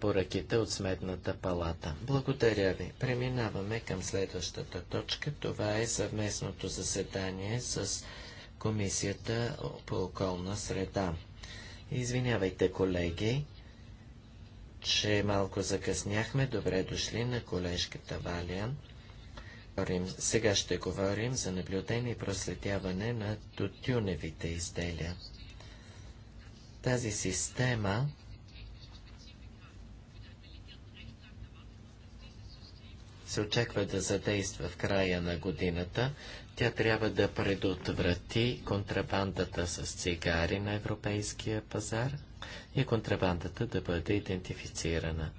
поръките от Сметната палата. Благодаря ви. Преминаваме към следващата точка. Това е съвместното заседание с Комисията по околна среда. Извинявайте, колеги, че малко закъсняхме. Добре дошли на колежката Валия. Сега ще говорим за наблюдение и проследяване на тютюневите изделия. Тази система се очаква да задейства в края на годината. Тя трябва да предотврати контрабандата с цигари на европейския пазар и контрабандата да бъде идентифицирана.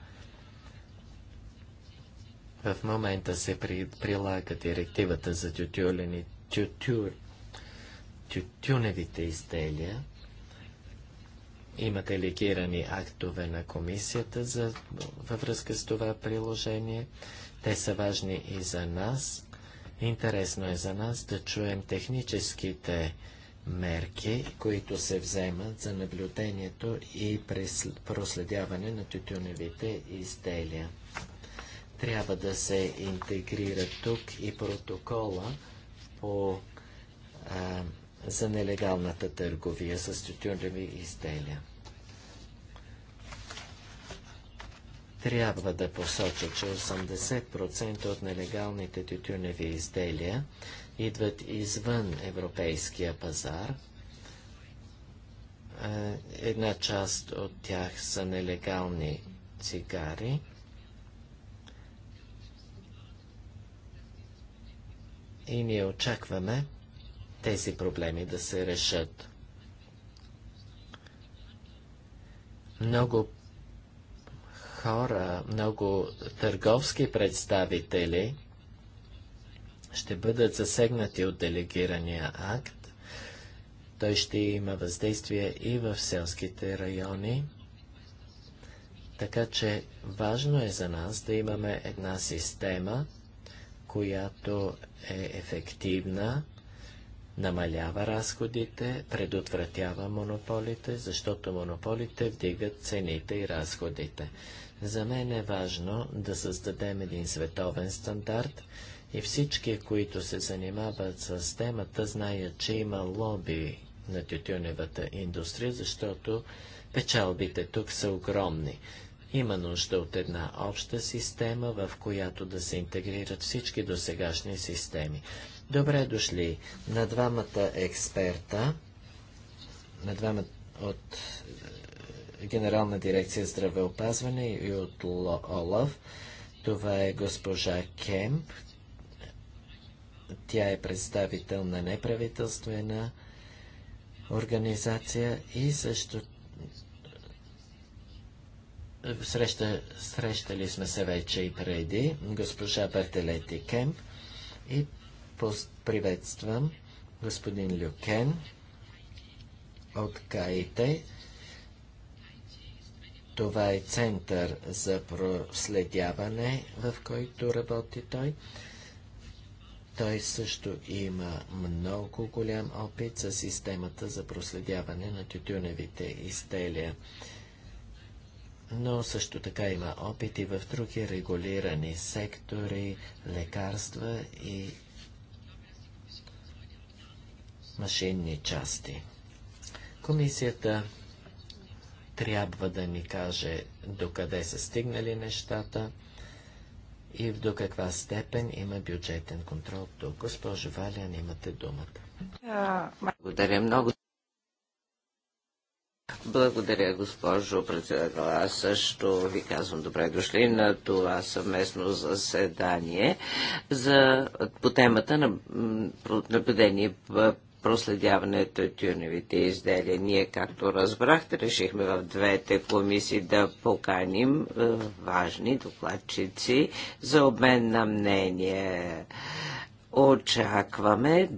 В момента се прилага директивата за тютюлени, тютюр, тютюневите изделия. Има делегирани актове на комисията за, във връзка с това приложение. Те са важни и за нас. Интересно е за нас да чуем техническите мерки, които се вземат за наблюдението и проследяване на тютюневите изделия. Трябва да се интегрира тук и протокола по, а, за нелегалната търговия с тютюневи изделия. трябва да посоча, че 80% от нелегалните тютюневи изделия идват извън европейския пазар. Е, една част от тях са нелегални цигари. И ние очакваме тези проблеми да се решат. Много хора, много търговски представители ще бъдат засегнати от делегирания акт. Той ще има въздействие и в селските райони. Така че важно е за нас да имаме една система, която е ефективна, намалява разходите, предотвратява монополите, защото монополите вдигат цените и разходите. За мен е важно да създадем един световен стандарт и всички, които се занимават с темата, знаят, че има лоби на тютюневата индустрия, защото печалбите тук са огромни. Има нужда от една обща система, в която да се интегрират всички досегашни системи. Добре дошли на двамата експерта, на двамата от Генерална дирекция здравеопазване и от ОЛАВ. Това е госпожа Кемп. Тя е представител на неправителствена организация и също среща, срещали сме се вече и преди госпожа Бертелети Кемп и приветствам господин Люкен от КАИТЕ. Това е център за проследяване, в който работи той. Той също има много голям опит за системата за проследяване на тютюневите изделия. Но също така има опити в други регулирани сектори, лекарства и машинни части. Комисията трябва да ни каже докъде са стигнали нещата и до каква степен има бюджетен контрол тук. Госпожо Валян, имате думата. Благодаря много. Благодаря, госпожо председател. Аз също ви казвам добре дошли на това съвместно заседание за, по темата на наблюдение проследяването от тюневите изделия. Ние, както разбрахте, решихме в двете комисии да поканим е, важни докладчици за обмен на мнение. Очакваме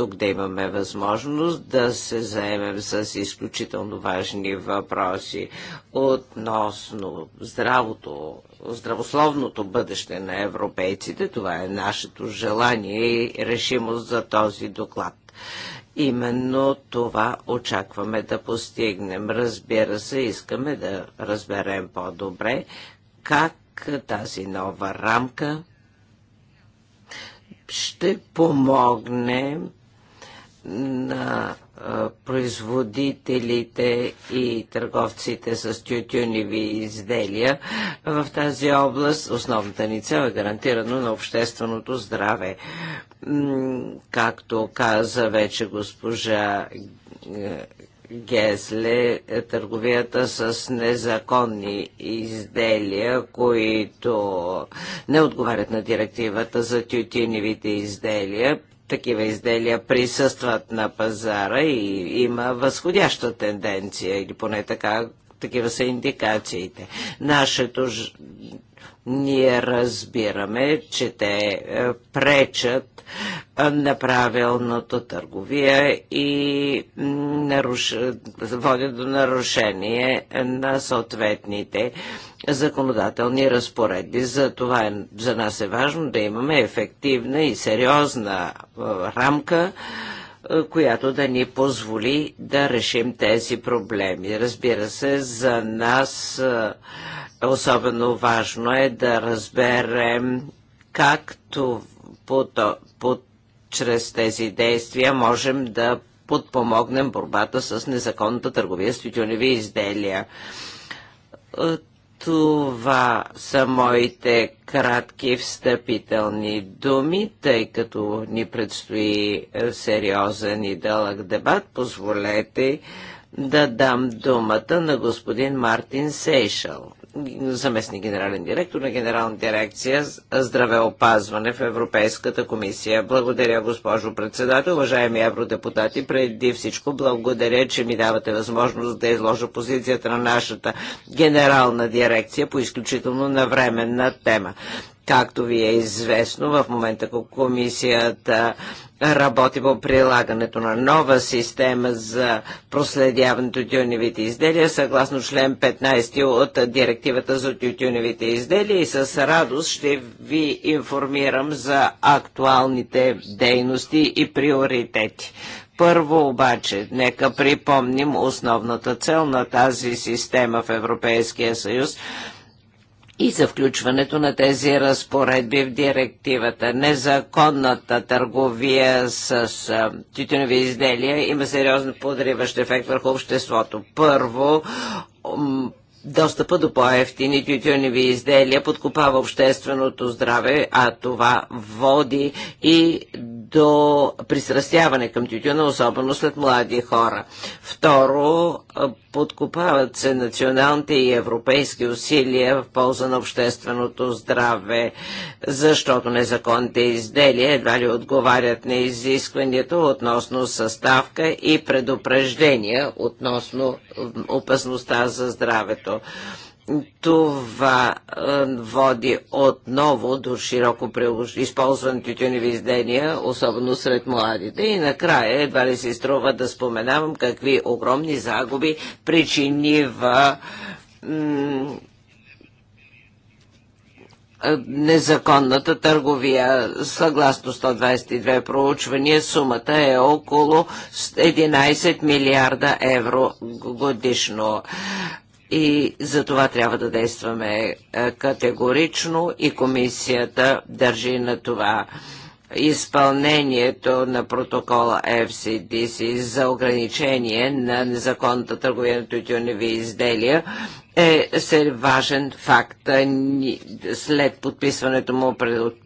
тук да имаме възможност да се заемем с изключително важни въпроси относно здравото, здравословното бъдеще на европейците. Това е нашето желание и решимост за този доклад. Именно това очакваме да постигнем. Разбира се, искаме да разберем по-добре как тази нова рамка ще помогне на производителите и търговците с тютюниви изделия. В тази област основната ни цел е гарантирано на общественото здраве. Както каза вече госпожа е, Гесле, търговията с незаконни изделия, които не отговарят на директивата за тютюневите изделия, такива изделия присъстват на пазара и има възходяща тенденция, или поне така такива са индикациите. Нашето ние разбираме, че те е, пречат е, на правилното търговия и наруш... водят до нарушение на съответните законодателни разпоредби. За това е, за нас е важно да имаме ефективна и сериозна е, рамка, е, която да ни позволи да решим тези проблеми. Разбира се, за нас е, особено важно е да разберем както по, по, чрез тези действия можем да подпомогнем борбата с незаконната търговия с тютюневи изделия е, това са моите кратки встъпителни думи, тъй като ни предстои е, сериозен и дълъг дебат. Позволете да дам думата на господин Мартин Сейшъл заместник генерален директор на Генерална дирекция здравеопазване в Европейската комисия. Благодаря, госпожо председател, уважаеми евродепутати. Преди всичко благодаря, че ми давате възможност да изложа позицията на нашата генерална дирекция по изключително навременна тема. Както ви е известно, в момента комисията работи по прилагането на нова система за проследяването тютюневите изделия, съгласно член 15 от директивата за тютюневите изделия и с радост ще ви информирам за актуалните дейности и приоритети. Първо обаче, нека припомним основната цел на тази система в Европейския съюз и за включването на тези разпоредби в директивата. Незаконната търговия с титунови изделия има сериозно подриващ ефект върху обществото. Първо, достъпа до по-ефтини тютюневи изделия подкопава общественото здраве, а това води и до пристрастяване към тютюна, особено след млади хора. Второ, Подкопават се националните и европейски усилия в полза на общественото здраве, защото незаконните изделия едва ли отговарят на изискването относно съставка и предупреждения относно опасността за здравето. Това е, води отново до широко използването тютюневи издения, особено сред младите. И накрая едва ли се изтрува да споменавам какви огромни загуби причинива е, незаконната търговия. Съгласно 122 проучвания, сумата е около 11 милиарда евро годишно и за това трябва да действаме е, категорично и комисията държи на това изпълнението на протокола FCDC за ограничение на незаконната търговия на тютюневи изделия е се важен факт. След подписването му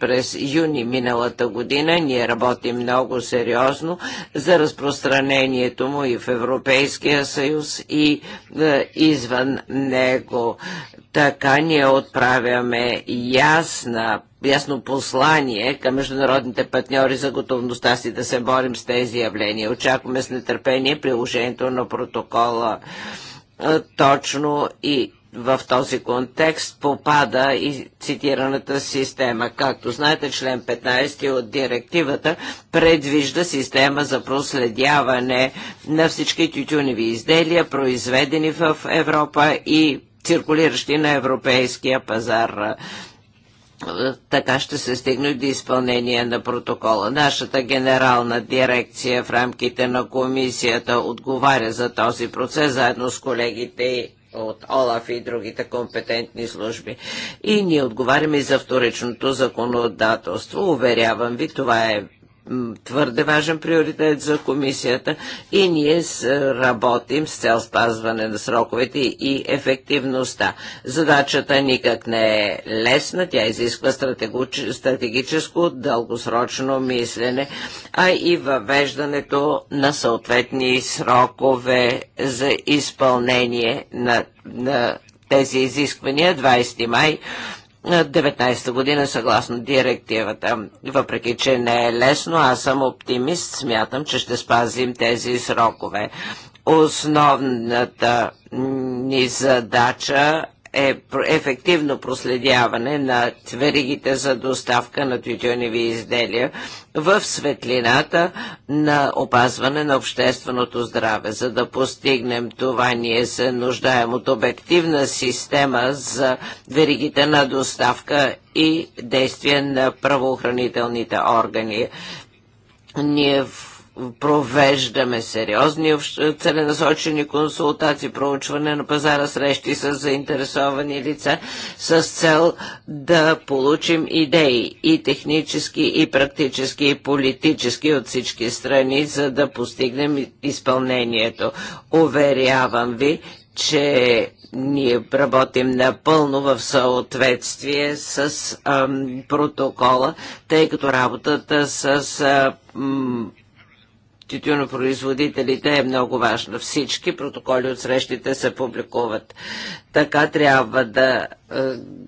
през юни миналата година ние работим много сериозно за разпространението му и в Европейския съюз и е, извън него. Така ние отправяме ясна ясно послание към международните партньори за готовността си да се борим с тези явления. Очакваме с нетърпение приложението на протокола точно и в този контекст попада и цитираната система. Както знаете, член 15 от директивата предвижда система за проследяване на всички тютюневи изделия, произведени в Европа и циркулиращи на европейския пазар така ще се стигне до изпълнение на протокола. Нашата генерална дирекция в рамките на комисията отговаря за този процес, заедно с колегите от ОЛАФ и другите компетентни служби. И ние отговаряме и за вторичното законодателство. Уверявам ви, това е твърде важен приоритет за комисията и ние е, работим с цел спазване на сроковете и ефективността. Задачата никак не е лесна, тя изисква стратегическо, дългосрочно мислене, а и въвеждането на съответни срокове за изпълнение на, на тези изисквания. 20 май 2019 година съгласно директивата. Въпреки, че не е лесно, аз съм оптимист, смятам, че ще спазим тези срокове. Основната ни задача е ефективно проследяване на веригите за доставка на тютюневи изделия в светлината на опазване на общественото здраве. За да постигнем това, ние се нуждаем от обективна система за веригите на доставка и действие на правоохранителните органи. Ние в провеждаме сериозни целенасочени консултации, проучване на пазара, срещи с заинтересовани лица с цел да получим идеи и технически, и практически, и политически от всички страни, за да постигнем изпълнението. Уверявам ви, че ние работим напълно в съответствие с ам, протокола, тъй като работата с ам, тютюнопроизводителите е много важно. Всички протоколи от срещите се публикуват. Така трябва да е,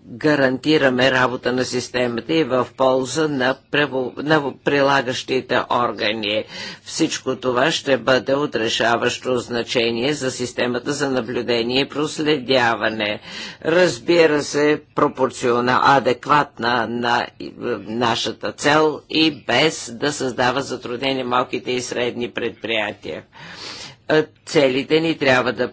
гарантираме работа на системата и в полза на, прево, на прилагащите органи. Всичко това ще бъде отрешаващо значение за системата за наблюдение и проследяване. Разбира се, пропорционал, адекватна на е, нашата цел и без да създава затруднение малките и средни предприятия е, целите ни трябва да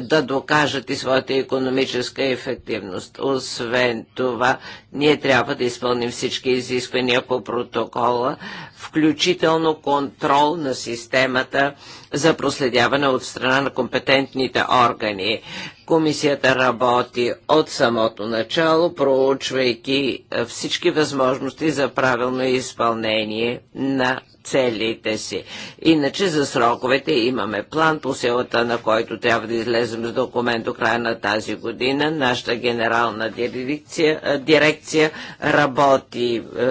да докажат и своята економическа ефективност. Освен това, ние трябва да изпълним всички изисквания по протокола, включително контрол на системата за проследяване от страна на компетентните органи. Комисията работи от самото начало, проучвайки всички възможности за правилно изпълнение на целите си. Иначе за сроковете имаме план, по силата на който трябва да излезем с документ до края на тази година. Нашата генерална дирекция, дирекция работи е,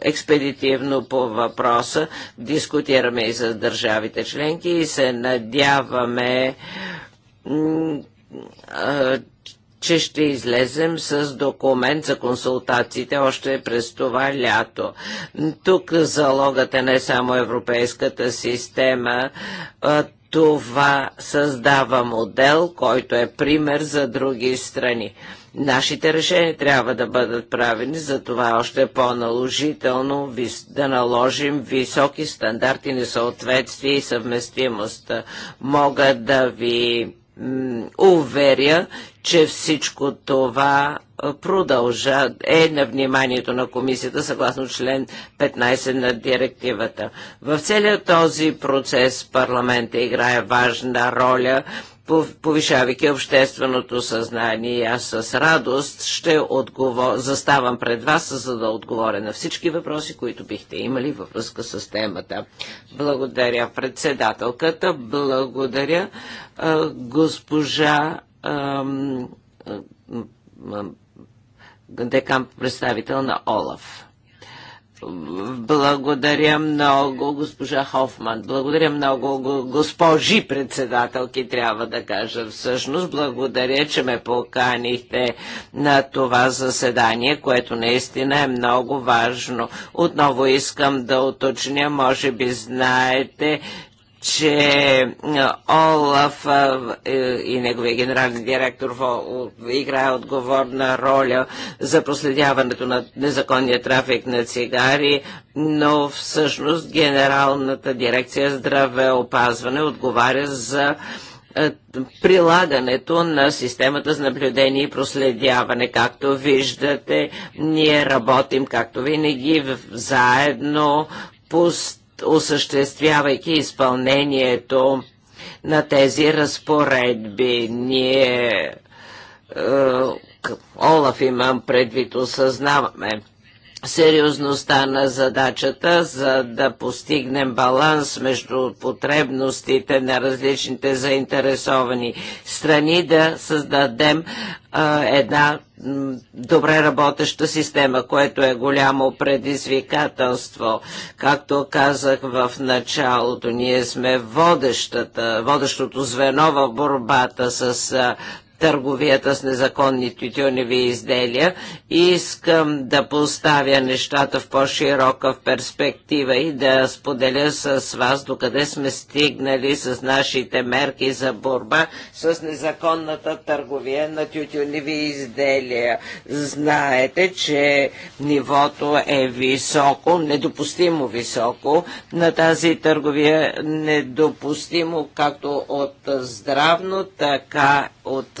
експедитивно по въпроса. Дискутираме и с държавите членки и се надяваме че ще излезем с документ за консултациите още през това лято. Тук залогът е не само европейската система, това създава модел, който е пример за други страни. Нашите решения трябва да бъдат правени, затова е още е по-наложително да наложим високи стандарти на съответствие и съвместимост. Мога да ви уверя, че всичко това продължа, е на вниманието на комисията съгласно член 15 на директивата. В целият този процес парламента играе важна роля повишавайки общественото съзнание. Аз с радост ще отговор... заставам пред вас, за да отговоря на всички въпроси, които бихте имали във връзка с темата. Благодаря председателката, благодаря госпожа декан представител на ОЛАФ. Благодаря много, госпожа Хофман. Благодаря много, госпожи председателки, трябва да кажа всъщност. Благодаря, че ме поканихте на това заседание, което наистина е много важно. Отново искам да уточня, може би знаете, че е, Олаф е, е, и неговия генерален директор играе отговорна роля за проследяването на незаконния трафик на цигари, но всъщност Генералната дирекция здравеопазване отговаря за прилагането на системата за наблюдение и проследяване. Както виждате, ние работим, както винаги, заедно, пост осъществявайки изпълнението на тези разпоредби. Ние е, Олаф имам предвид, осъзнаваме, сериозността на задачата, за да постигнем баланс между потребностите на различните заинтересовани страни, да създадем а, една добре работеща система, което е голямо предизвикателство. Както казах в началото, ние сме водещата, водещото звено в борбата с търговията с незаконни тютюневи изделия и искам да поставя нещата в по-широка перспектива и да споделя с вас докъде сме стигнали с нашите мерки за борба с незаконната търговия на тютюневи изделия. Знаете, че нивото е високо, недопустимо високо на тази търговия, недопустимо както от здравно, така от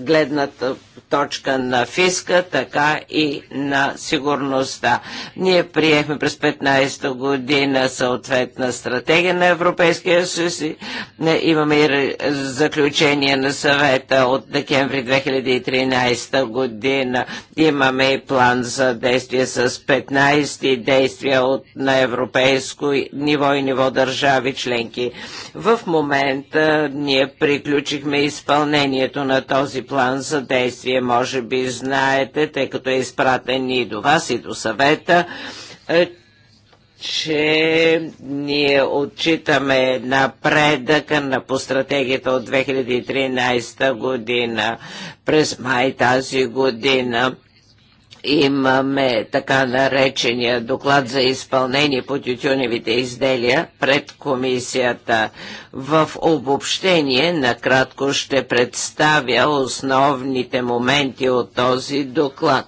гледната точка на фиска, така и на сигурността. Ние приехме през 15-та година съответна стратегия на Европейския съюз. Имаме и заключение на съвета от декември 2013 година. Имаме и план за действие с 15 действия от, на европейско ниво и ниво държави членки. В момента ние приключихме изпълнението на този план за действие. Може би знаете, тъй като е изпратен и до вас, и до съвета, е, че ние отчитаме напредъка на по стратегията от 2013 година през май тази година имаме така наречения доклад за изпълнение по тютюневите изделия пред комисията. В обобщение накратко ще представя основните моменти от този доклад.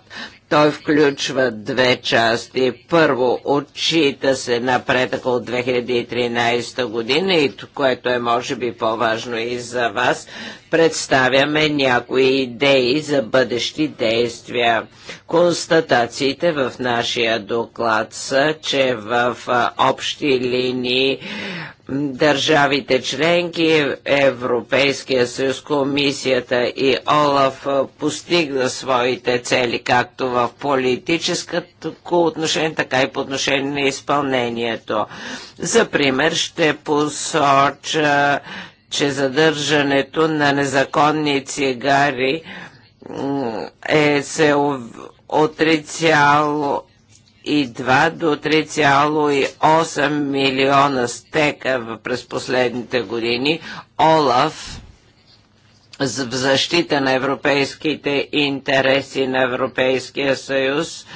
Той включва две части. Първо, отчита се напредък от 2013 година и което е може би по-важно и за вас представяме някои идеи за бъдещи действия. Констатациите в нашия доклад са, че в общи линии държавите членки, Европейския съюз, комисията и ОЛАФ постигна своите цели, както в политическото отношение, така и по отношение на изпълнението. За пример ще посоча, че задържането на незаконни цигари е се от 3,2 до 3,8 милиона стека през последните години. Олаф в защита на европейските интереси на Европейския съюз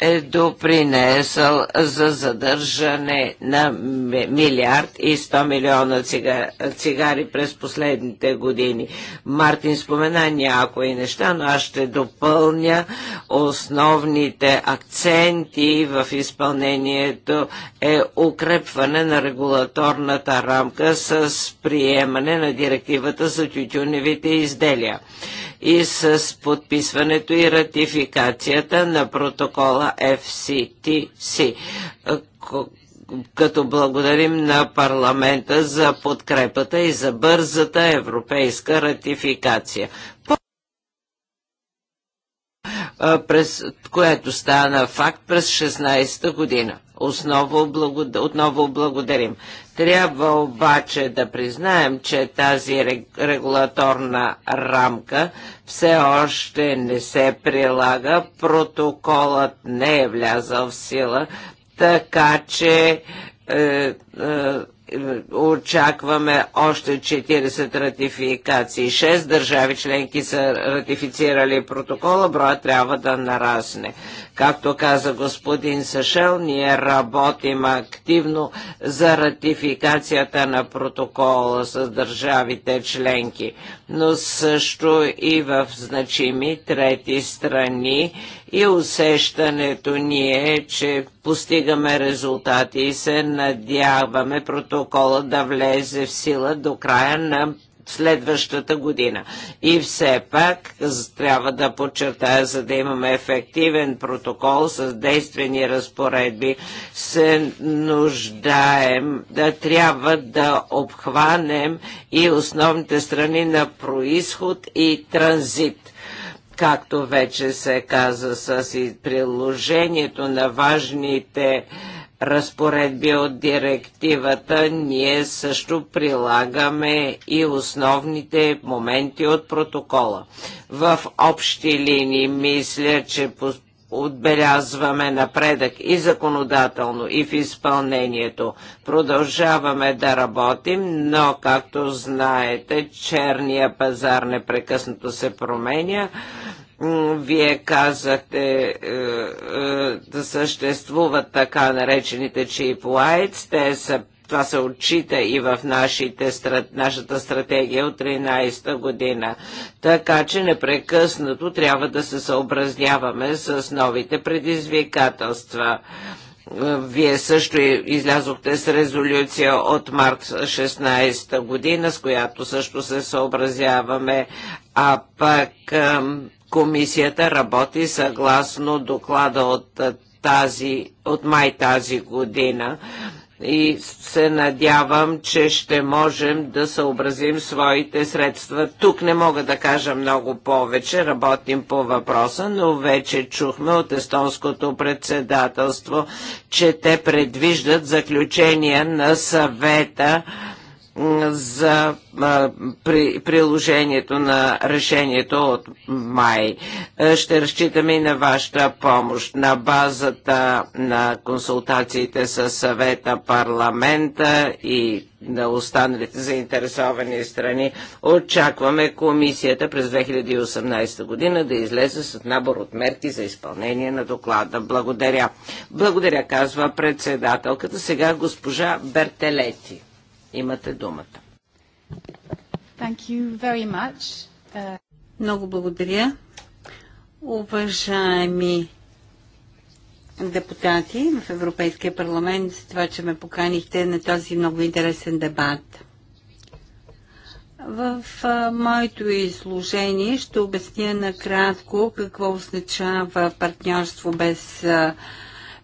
е допринесъл за задържане на милиард и 100 милиона цигари, през последните години. Мартин спомена някои неща, но аз ще допълня основните акценти в изпълнението е укрепване на регулаторната рамка с приемане на директивата за тютюневите изделия и с подписването и ратификацията на протокола FCTC, като благодарим на парламента за подкрепата и за бързата европейска ратификация през, което стана факт през 16-та година. Отново благодарим. Трябва обаче да признаем, че тази регулаторна рамка все още не се прилага, протоколът не е влязъл в сила, така че е, е, очакваме още 40 ратификации. 6 държави членки са ратифицирали протокола, броя трябва да нарасне. Както каза господин Сашел, ние работим активно за ратификацията на протокола с държавите членки, но също и в значими трети страни и усещането ни е, че постигаме резултати и се надяваме протокола да влезе в сила до края на следващата година. И все пак трябва да подчертая, за да имаме ефективен протокол с действени разпоредби, се нуждаем да трябва да обхванем и основните страни на происход и транзит Както вече се каза с приложението на важните разпоредби от директивата, ние също прилагаме и основните моменти от протокола. В общи линии мисля, че по отбелязваме напредък и законодателно, и в изпълнението. Продължаваме да работим, но, както знаете, черния пазар непрекъснато се променя. Вие казахте е, е, да съществуват така наречените cheap lights. Те са това се отчита и в нашите, нашата стратегия от 13-та година. Така че непрекъснато трябва да се съобразняваме с новите предизвикателства. Е, вие също излязохте с резолюция от март 16 та година, с която също се съобразяваме, а пък Комисията работи съгласно доклада от, тази, от май тази година и се надявам, че ще можем да съобразим своите средства. Тук не мога да кажа много повече, работим по въпроса, но вече чухме от естонското председателство, че те предвиждат заключения на съвета за а, при, приложението на решението от май. Е, ще разчитаме и на вашата помощ. На базата на консултациите с съвета, парламента и на останалите заинтересовани страни, очакваме комисията през 2018 година да излезе с набор от мерки за изпълнение на доклада. Благодаря. Благодаря, казва председателката. Сега госпожа Бертелети. Имате думата. Thank you very much. Uh... Много благодаря. Уважаеми депутати в Европейския парламент за това, че ме поканихте на този много интересен дебат. В моето изложение ще обясня накратко какво означава партньорство без а,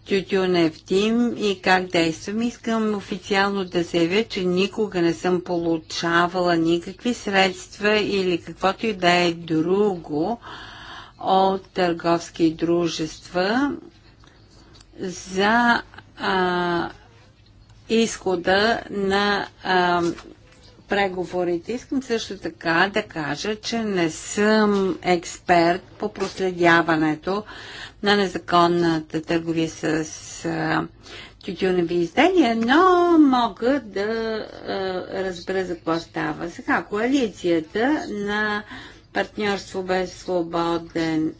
тютюн ефтим и как действам. Искам официално да заявя, че никога не съм получавала никакви средства или каквото и да е друго от търговски дружества за а, изхода на а, преговорите. Искам също така да кажа, че не съм експерт по проследяването на незаконната търговия с тютюневи изделия, но мога да разбера за какво става. Сега, коалицията на партньорство без свободен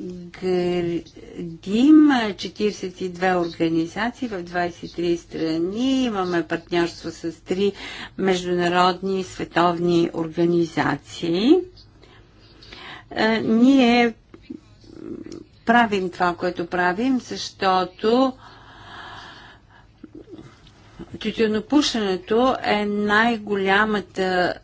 градим 42 организации в 23 страни. Имаме партньорство с 3 международни световни организации. Е, ние правим това, което правим, защото Тютюнопушенето е най-голямата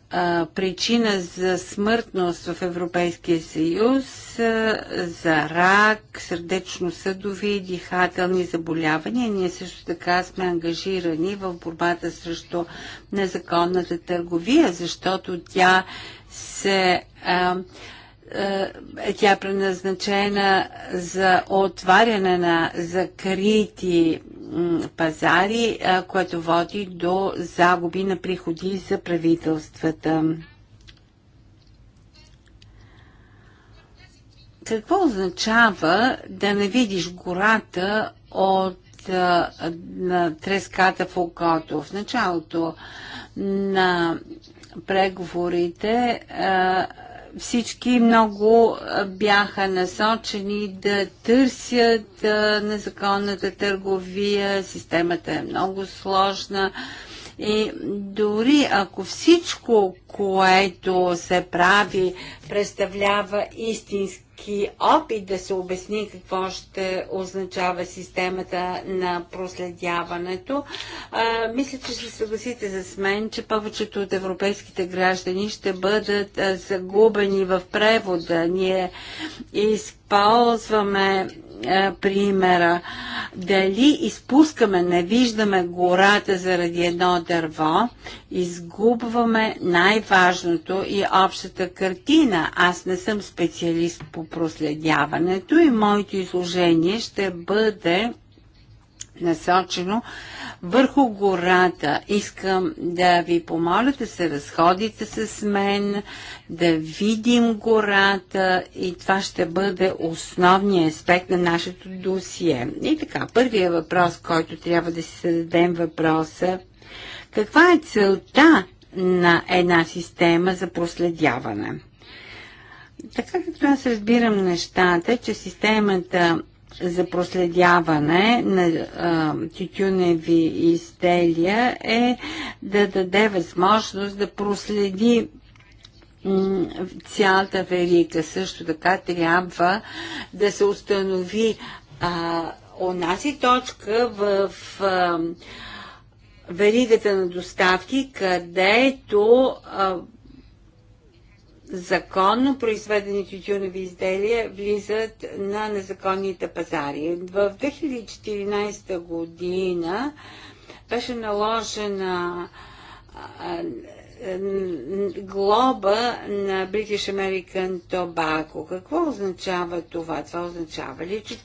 причина за смъртност в Европейския съюз, а, за рак, сърдечно-съдови, дихателни заболявания. Ние също така сме ангажирани в борбата срещу незаконната търговия, защото тя се. А, тя е предназначена за отваряне на закрити пазари, което води до загуби на приходи за правителствата. Какво означава да не видиш гората от на треската в окото? В началото на преговорите всички много бяха насочени да търсят незаконната търговия. Системата е много сложна. И дори ако всичко, което се прави, представлява истински всеки опит да се обясни какво ще означава системата на проследяването. А, мисля, че ще съгласите с мен, че повечето от европейските граждани ще бъдат а, загубени в превода. Ние използваме е, примера. Дали изпускаме, не виждаме гората заради едно дърво, изгубваме най-важното и общата картина. Аз не съм специалист по проследяването и моето изложение ще бъде насочено върху гората. Искам да ви помоля да се разходите с мен, да видим гората и това ще бъде основният аспект на нашето досие. И така, първият въпрос, който трябва да си зададем въпроса, каква е целта на една система за проследяване? Така както аз разбирам нещата, че системата за проследяване на а, тютюневи изделия е да даде възможност да проследи цялата верига. Също така трябва да се установи а, онази точка в а, веригата на доставки, където а, законно произведени тютюневи изделия влизат на незаконните пазари. В 2014 година беше наложена глоба на British American Tobacco. Какво означава това? Това означава ли, че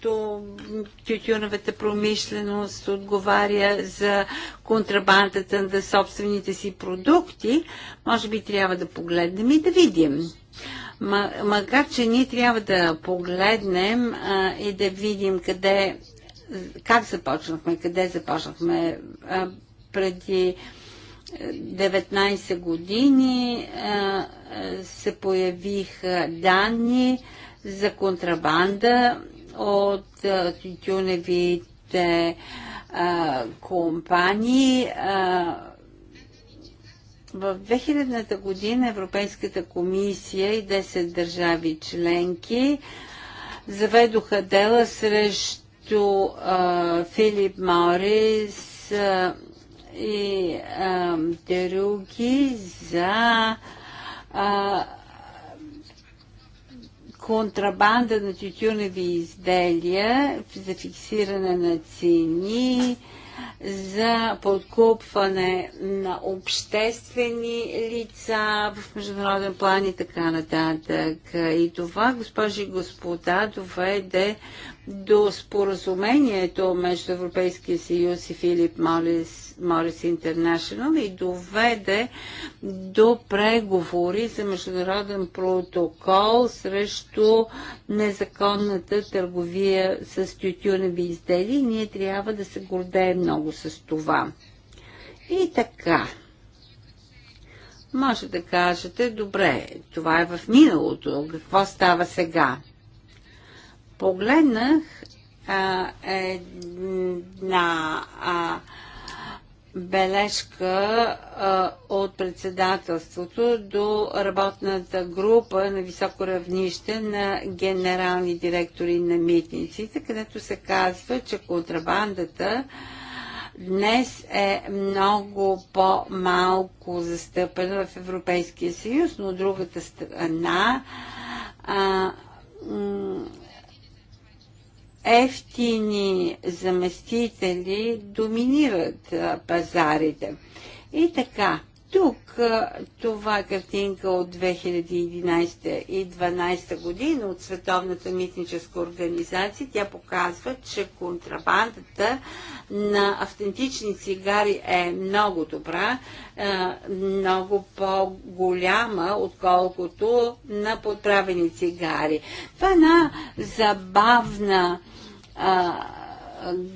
тютюновата промишленост отговаря за контрабандата на собствените си продукти? Може би трябва да погледнем и да видим. Макар, че ние трябва да погледнем а, и да видим къде, как започнахме, къде започнахме а, преди а, 19 години се появиха данни за контрабанда от тютюневите компании. В 2000-та година Европейската комисия и 10 държави членки заведоха дела срещу Филип Морис, и а, други за а, контрабанда на тютюневи изделия за фиксиране на цени, за подкупване на обществени лица в международен план и така нататък. И това, госпожи и господа, доведе до споразумението между Европейския съюз и Филип Молис Morris International и доведе до преговори за международен протокол срещу незаконната търговия с тютюневи изделия. Ние трябва да се гордеем много с това. И така. Може да кажете, добре, това е в миналото, какво става сега? Погледнах а, на а, бележка а, от председателството до работната група на високо равнище на генерални директори на митниците, където се казва, че контрабандата днес е много по-малко застъпена в Европейския съюз, но от другата страна а, ефтини заместители доминират пазарите. И така, тук това е картинка от 2011 и 2012 година от Световната митническа организация. Тя показва, че контрабандата на автентични цигари е много добра, много по-голяма, отколкото на подправени цигари. Това е една забавна а,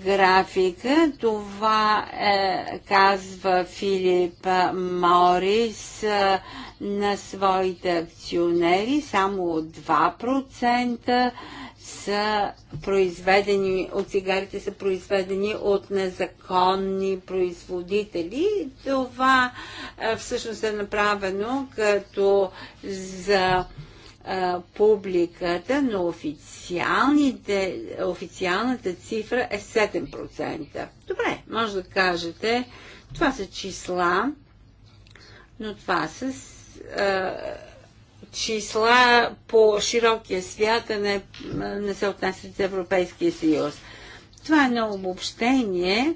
графика. Това е, казва Филип Морис е, на своите акционери. Само 2% са произведени, от цигарите са произведени от незаконни производители. Това е, всъщност е направено като за а, публиката, но официалните, официалната цифра е 7%. Добре, може да кажете, това са числа, но това са а, числа по широкия свят, а не, не се отнасят за Европейския съюз. Това е едно обобщение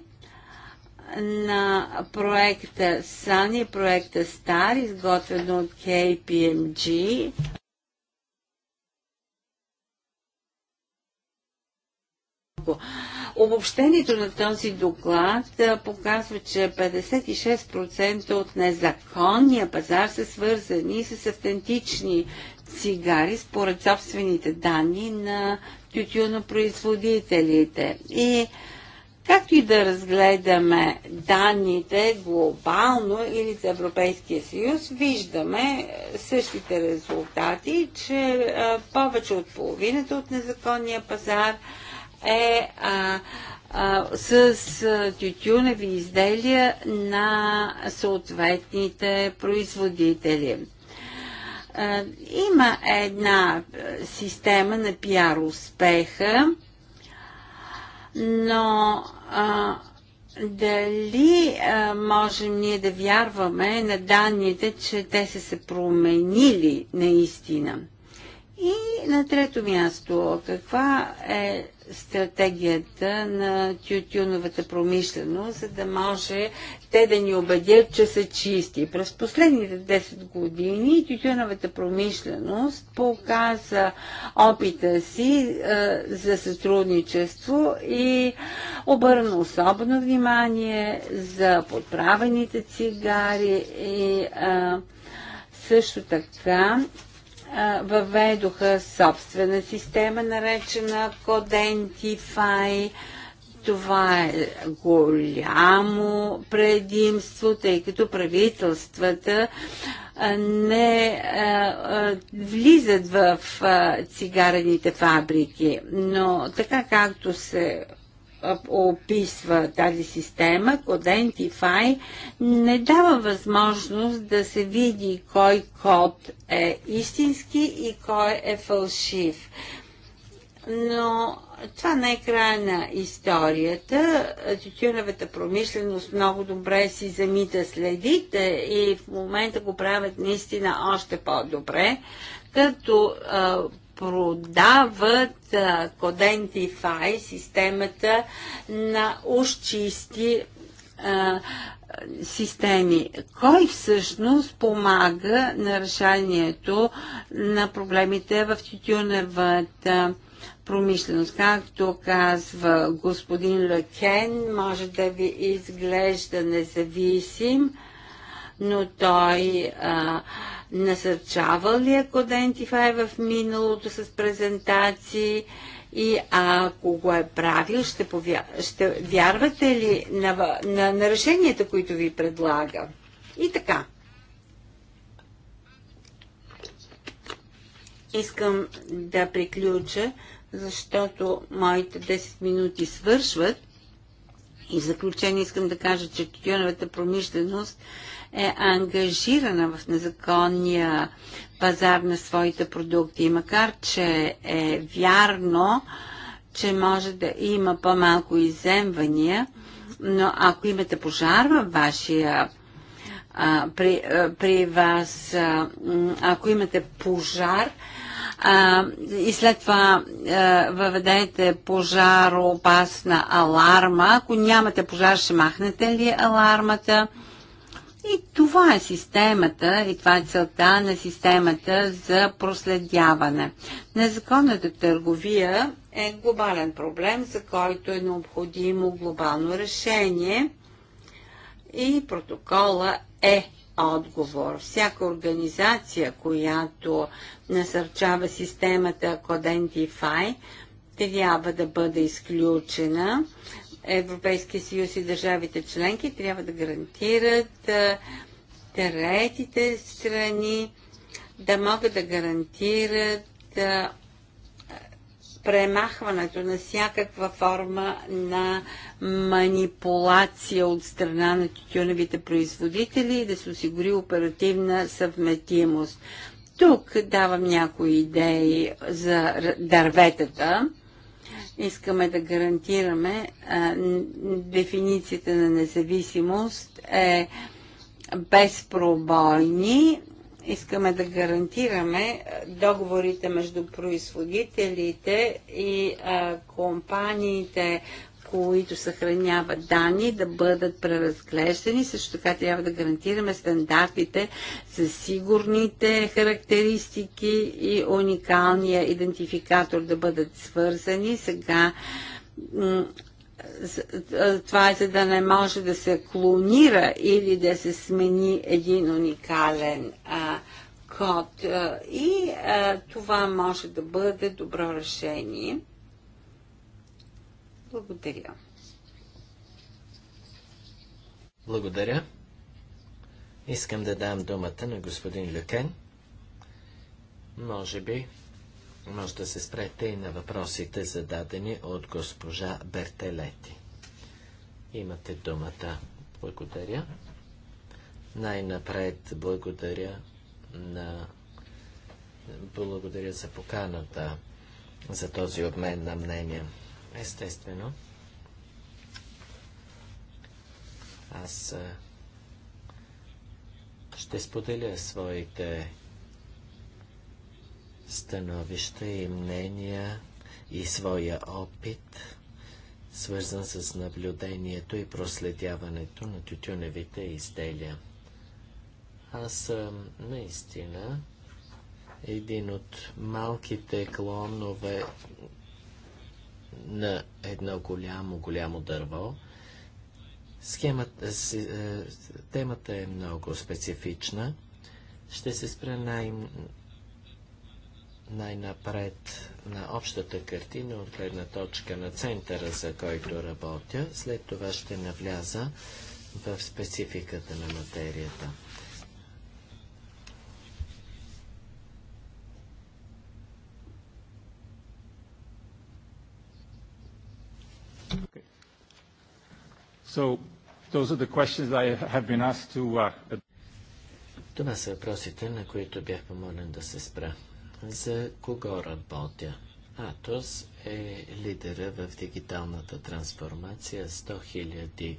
на проекта Сани, проекта Стар, изготвено от KPMG. малко. Обобщението на този доклад показва, че 56% от незаконния пазар са свързани с автентични цигари според собствените данни на тютюнопроизводителите. И както и да разгледаме данните глобално или за Европейския съюз, виждаме същите резултати, че повече от половината от незаконния пазар – е а, а, с тютюневи изделия на съответните производители. А, има една система на пиар успеха, но а, дали а, можем ние да вярваме на данните, че те са се променили наистина? И на трето място, каква е стратегията на тютюновата промишленост, за да може те да ни убедят, че са чисти. През последните 10 години тютюновата промишленост показа опита си е, за сътрудничество и обърна особено внимание за подправените цигари и е, също така въведоха собствена система, наречена Codentify. Това е голямо предимство, тъй като правителствата не влизат в цигарените фабрики. Но така както се описва тази система, Codentify не дава възможност да се види кой код е истински и кой е фалшив. Но това не е края на историята. Тютюневата промишленост много добре си замита следите и в момента го правят наистина още по-добре, като а, продават Codentify, системата на ушчисти системи. Кой всъщност помага на решението на проблемите в тютюневата промишленост? Както казва господин Лекен, може да ви изглежда независим, но той а, насърчавал ли е Кодентифай в миналото с презентации и ако го е правил, ще, повя... ще вярвате ли на, на, на решенията, които ви предлага? И така. Искам да приключа, защото моите 10 минути свършват. И в заключение искам да кажа, че тютюновата промишленост е ангажирана в незаконния пазар на своите продукти. И макар, че е вярно, че може да има по-малко иземвания, но ако имате пожар във вашия а, при, а, при вас, а, ако имате пожар, а, и след това а, въведете пожароопасна аларма. Ако нямате пожар, ще махнете ли алармата? И това е системата и това е целта на системата за проследяване. Незаконната търговия е глобален проблем, за който е необходимо глобално решение и протокола е отговор. Всяка организация, която насърчава системата Codentify, трябва да бъде изключена Европейския съюз и държавите членки трябва да гарантират третите страни да могат да гарантират премахването на всякаква форма на манипулация от страна на тютюневите производители и да се осигури оперативна съвметимост. Тук давам някои идеи за дърветата. Искаме да гарантираме а, дефиницията на независимост е безпробойни. Искаме да гарантираме договорите между производителите и а, компаниите които съхраняват данни, да бъдат преразглеждани. Също така трябва да гарантираме стандартите за сигурните характеристики и уникалния идентификатор да бъдат свързани. Сега това е за да не може да се клонира или да се смени един уникален а, код. И а, това може да бъде добро решение. Благодаря. Благодаря. Искам да дам думата на господин Люкен. Може би може да се спрете и на въпросите, зададени от госпожа Бертелети. Имате думата. Благодаря. Най-напред благодаря на... Благодаря за поканата за този обмен на мнения. Естествено. Аз ще споделя своите становища и мнения и своя опит, свързан с наблюдението и проследяването на тютюневите изделия. Аз съм наистина един от малките клонове, на едно голямо, голямо дърво. Схемата, е, темата е много специфична. Ще се спра най- най-напред на общата картина от гледна точка на центъра, за който работя. След това ще навляза в спецификата на материята. So those are the questions I have been asked to uh, това са въпросите, на които бях помолен да се спра. За кого работя? Атос е лидера в дигиталната трансформация. 100 000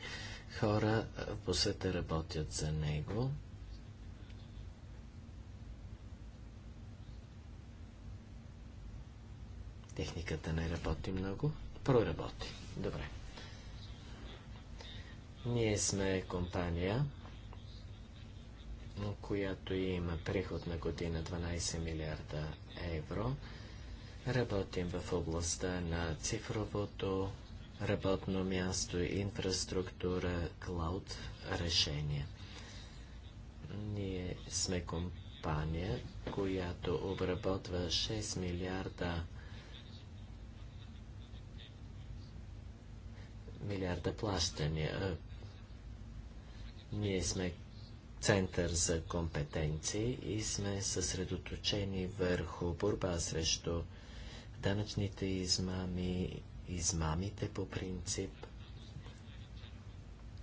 хора по света работят за него. Техниката не работи много. Проработи. Добре. Ние сме компания, която има приход на година 12 милиарда евро. Работим в областта на цифровото работно място, инфраструктура, клауд решения. Ние сме компания, която обработва 6 милиарда милиарда плащания, ние сме център за компетенции и сме съсредоточени върху борба срещу данъчните измами, измамите по принцип,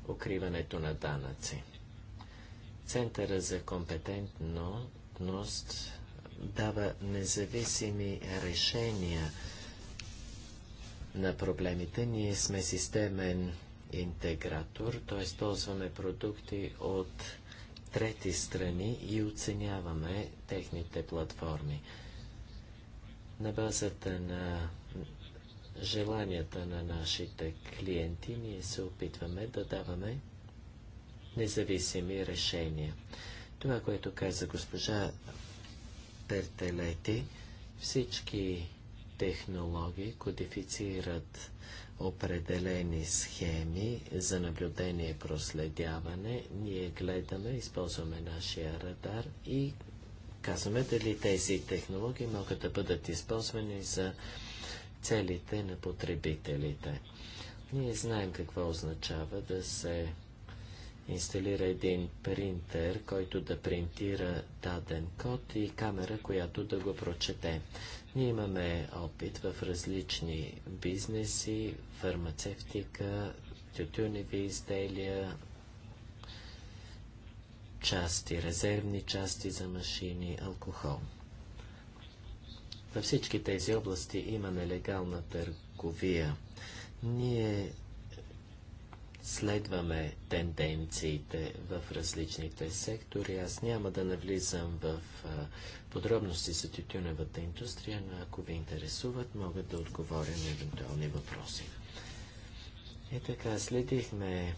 укриването на данъци. Центъра за компетентност дава независими решения на проблемите. Ние сме системен интегратор, т.е. ползваме продукти от трети страни и оценяваме техните платформи. На базата на желанията на нашите клиенти ние се опитваме да даваме независими решения. Това, което каза госпожа Пертелети, всички технологии кодифицират определени схеми за наблюдение и проследяване. Ние гледаме, използваме нашия радар и казваме дали тези технологии могат да бъдат използвани за целите на потребителите. Ние знаем какво означава да се инсталира един принтер, който да принтира даден код и камера, която да го прочете. Ние имаме опит в различни бизнеси, фармацевтика, тютюневи изделия, части, резервни части за машини, алкохол. Във всички тези области има нелегална търговия. Ние следваме тенденциите в различните сектори. Аз няма да навлизам в подробности за тютюневата индустрия, но ако ви интересуват, мога да отговоря на евентуални въпроси. И така, следихме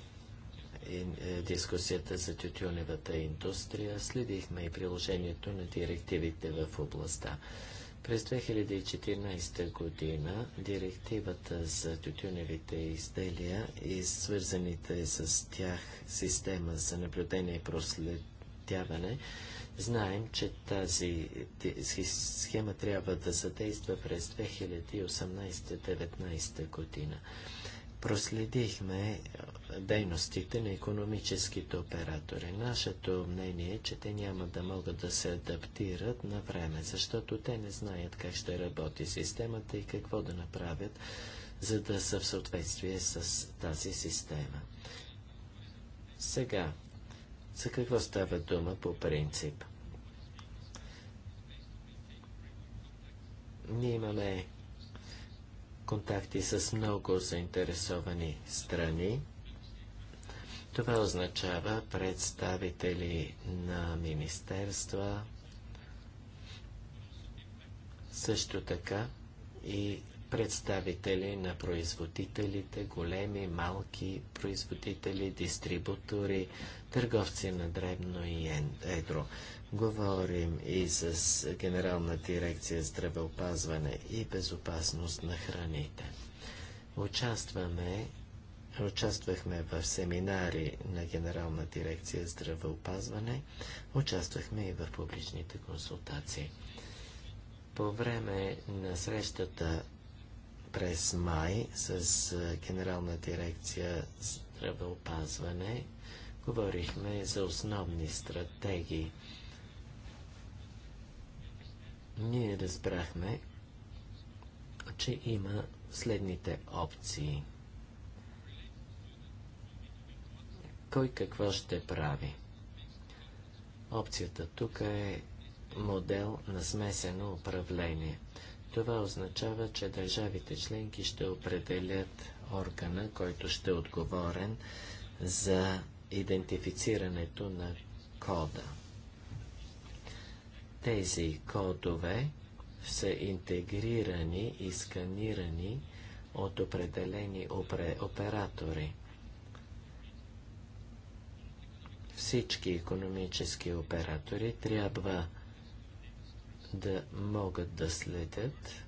е, дискусията за тютюневата индустрия, следихме и приложението на директивите в областта. През 2014 година директивата за тютюневите изделия и свързаните с тях система за наблюдение и проследяване, знаем, че тази схема трябва да задейства през 2018-2019 година проследихме дейностите на економическите оператори. Нашето мнение е, че те няма да могат да се адаптират на време, защото те не знаят как ще работи системата и какво да направят, за да са в съответствие с тази система. Сега, за какво става дума по принцип? Ние имаме контакти с много заинтересовани страни. Това означава представители на министерства, също така и представители на производителите, големи, малки производители, дистрибутори, търговци на дребно и едро. Говорим и с Генерална дирекция здравеопазване и безопасност на храните. Участваме Участвахме в семинари на Генерална дирекция здравеопазване, участвахме и в публичните консултации. По време на срещата през май с Генерална дирекция здравеопазване говорихме за основни стратегии ние разбрахме, че има следните опции. Кой какво ще прави? Опцията тук е модел на смесено управление. Това означава, че държавите членки ще определят органа, който ще е отговорен за идентифицирането на кода. Тези кодове са интегрирани и сканирани от определени оператори. Всички економически оператори трябва да могат да следят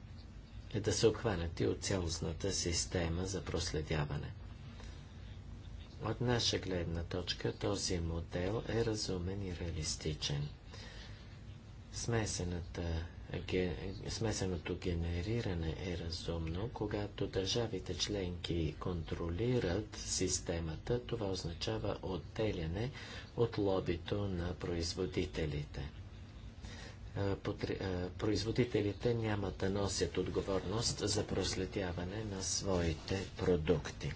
и да се обхванат и от цялостната система за проследяване. От наша гледна точка този модел е разумен и реалистичен. Смесената, ге, смесеното генериране е разумно, когато държавите членки контролират системата, това означава отделяне от лобито на производителите производителите няма да носят отговорност за проследяване на своите продукти.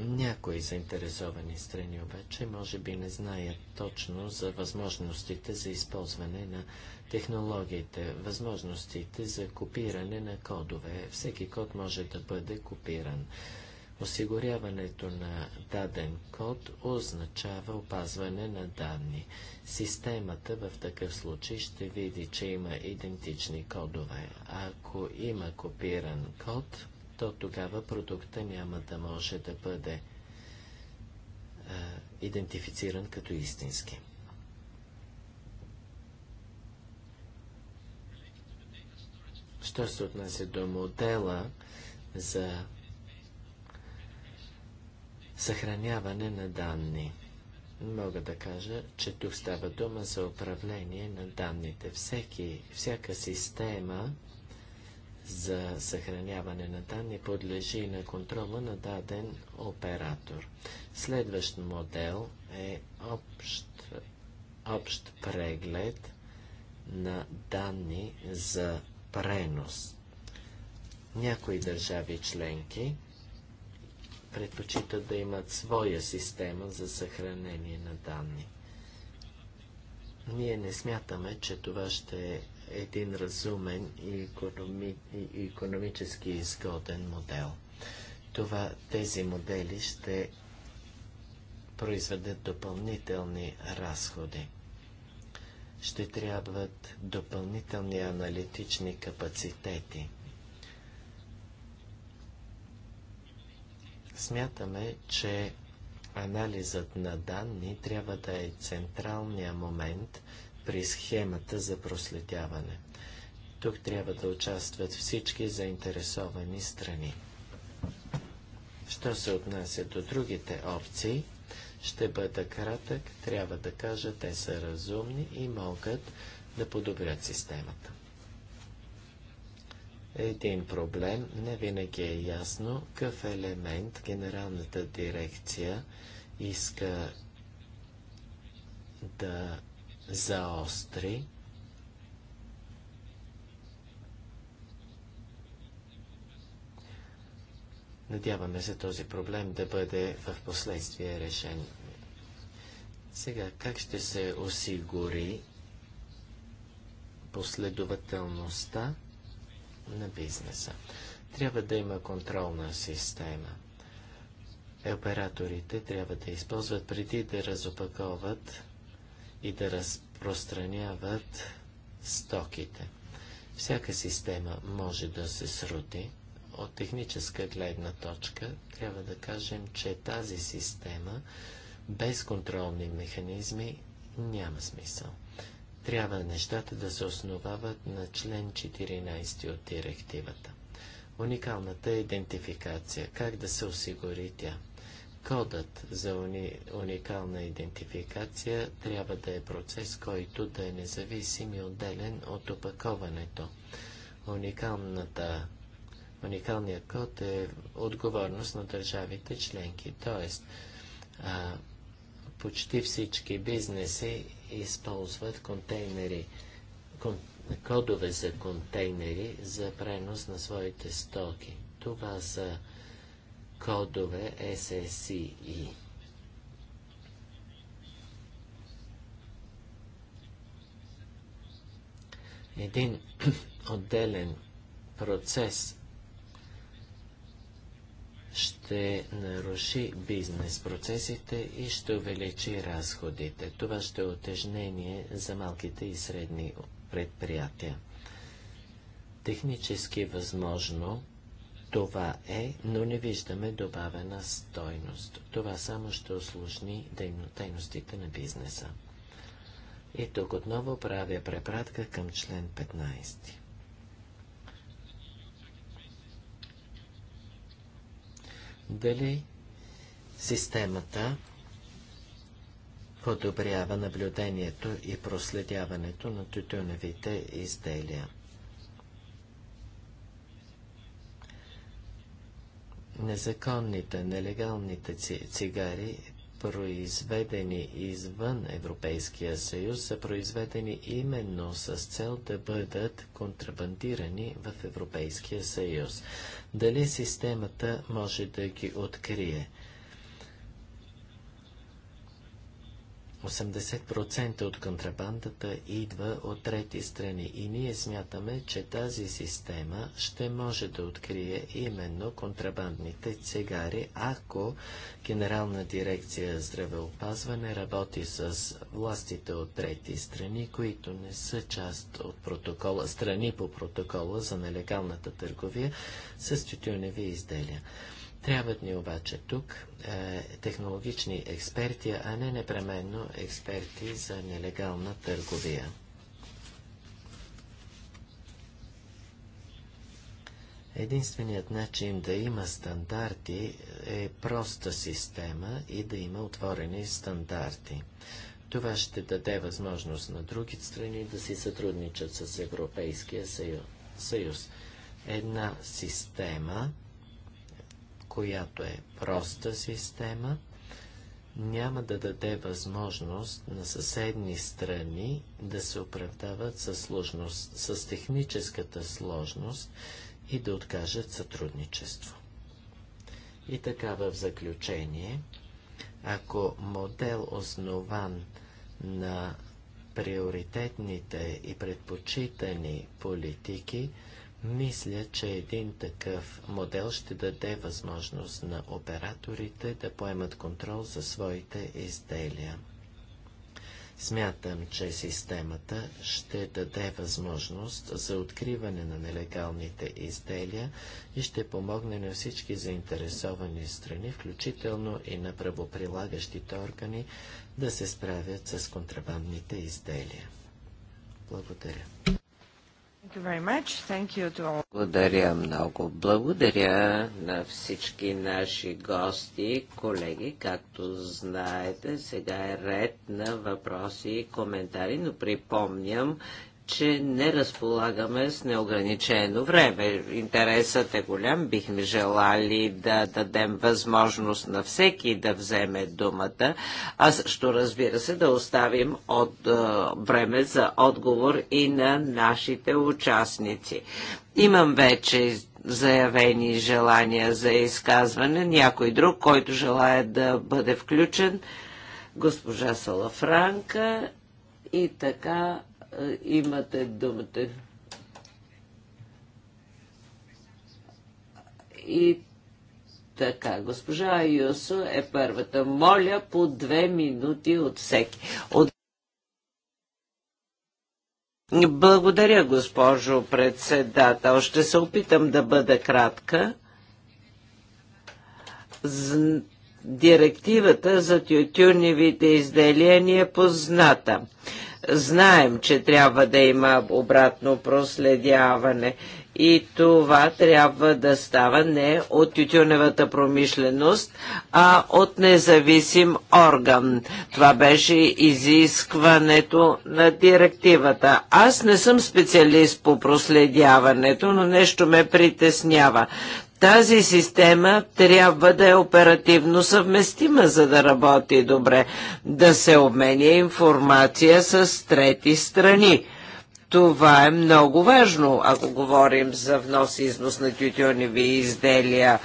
Някои заинтересовани страни обаче може би не знаят точно за възможностите за използване на технологиите, възможностите за копиране на кодове. Всеки код може да бъде копиран. Осигуряването на даден код означава опазване на данни. Системата в такъв случай ще види, че има идентични кодове. Ако има копиран код, то тогава продукта няма да може да бъде а, е, идентифициран като истински. Що се отнася до модела за съхраняване на данни? Мога да кажа, че тук става дума за управление на данните. Всеки, всяка система за съхраняване на данни подлежи на контрола на даден оператор. Следващ модел е общ, общ преглед на данни за пренос. Някои държави членки предпочитат да имат своя система за съхранение на данни. Ние не смятаме, че това ще един разумен и, економически изгоден модел. Това, тези модели ще произведат допълнителни разходи. Ще трябват допълнителни аналитични капацитети. Смятаме, че анализът на данни трябва да е централния момент – при схемата за проследяване. Тук трябва да участват всички заинтересовани страни. Що се отнася до другите опции, ще бъда кратък, трябва да кажа, те са разумни и могат да подобрят системата. Един проблем не винаги е ясно какъв елемент генералната дирекция иска да заостри. Надяваме се този проблем да бъде в последствие решен. Сега, как ще се осигури последователността на бизнеса? Трябва да има контролна система. Операторите трябва да използват преди да разопаковат и да разпространяват стоките. Всяка система може да се срути. От техническа гледна точка трябва да кажем, че тази система без контролни механизми няма смисъл. Трябва нещата да се основават на член 14 от директивата. Уникалната идентификация. Как да се осигури тя? Кодът за уни, уникална идентификация трябва да е процес, който да е независим и отделен от опаковането. Уникалната, уникалният код е отговорност на държавите членки, т.е. почти всички бизнеси използват контейнери, кон, кодове за контейнери за пренос на своите стоки. Това са кодове SSCI. Един отделен процес ще наруши бизнес процесите и ще увеличи разходите. Това ще е отежнение за малките и средни предприятия. Технически възможно това е, но не виждаме добавена стойност. Това само ще осложни дейностите на бизнеса. И тук отново правя препратка към член 15. Дали системата подобрява наблюдението и проследяването на тютюневите изделия? Незаконните, нелегалните цигари, произведени извън Европейския съюз, са произведени именно с цел да бъдат контрабандирани в Европейския съюз. Дали системата може да ги открие? 80% от контрабандата идва от трети страни и ние смятаме, че тази система ще може да открие именно контрабандните цигари, ако Генерална дирекция здравеопазване работи с властите от трети страни, които не са част от протокола, страни по протокола за нелегалната търговия с тютюневи изделия. Трябват ни обаче тук е, технологични експерти, а не непременно експерти за нелегална търговия. Единственият начин да има стандарти е проста система и да има отворени стандарти. Това ще даде възможност на други страни да си сътрудничат с Европейския съюз. Една система, която е проста система, няма да даде възможност на съседни страни да се оправдават със, сложност, с техническата сложност и да откажат сътрудничество. И така в заключение, ако модел основан на приоритетните и предпочитани политики – мисля, че един такъв модел ще даде възможност на операторите да поемат контрол за своите изделия. Смятам, че системата ще даде възможност за откриване на нелегалните изделия и ще помогне на всички заинтересовани страни, включително и на правоприлагащите органи, да се справят с контрабандните изделия. Благодаря. Благодаря много. Благодаря на всички наши гости, колеги. Както знаете, сега е ред на въпроси и коментари, но припомням, че не разполагаме с неограничено време. Интересът е голям. Бихме желали да дадем възможност на всеки да вземе думата, а също разбира се да оставим от, време за отговор и на нашите участници. Имам вече заявени желания за изказване. Някой друг, който желая да бъде включен, госпожа Салафранка и така е, имате думата. И така, госпожа Айосо е първата. Моля по две минути от всеки. От... Благодаря, госпожо председател. Ще се опитам да бъда кратка. З... Директивата за тютюневите изделия ни е позната. Знаем, че трябва да има обратно проследяване и това трябва да става не от тютюневата промишленост, а от независим орган. Това беше изискването на директивата. Аз не съм специалист по проследяването, но нещо ме притеснява. Тази система трябва да е оперативно съвместима, за да работи добре, да се обменя информация с трети страни. Това е много важно, ако говорим за внос и износ на тютюневи изделия.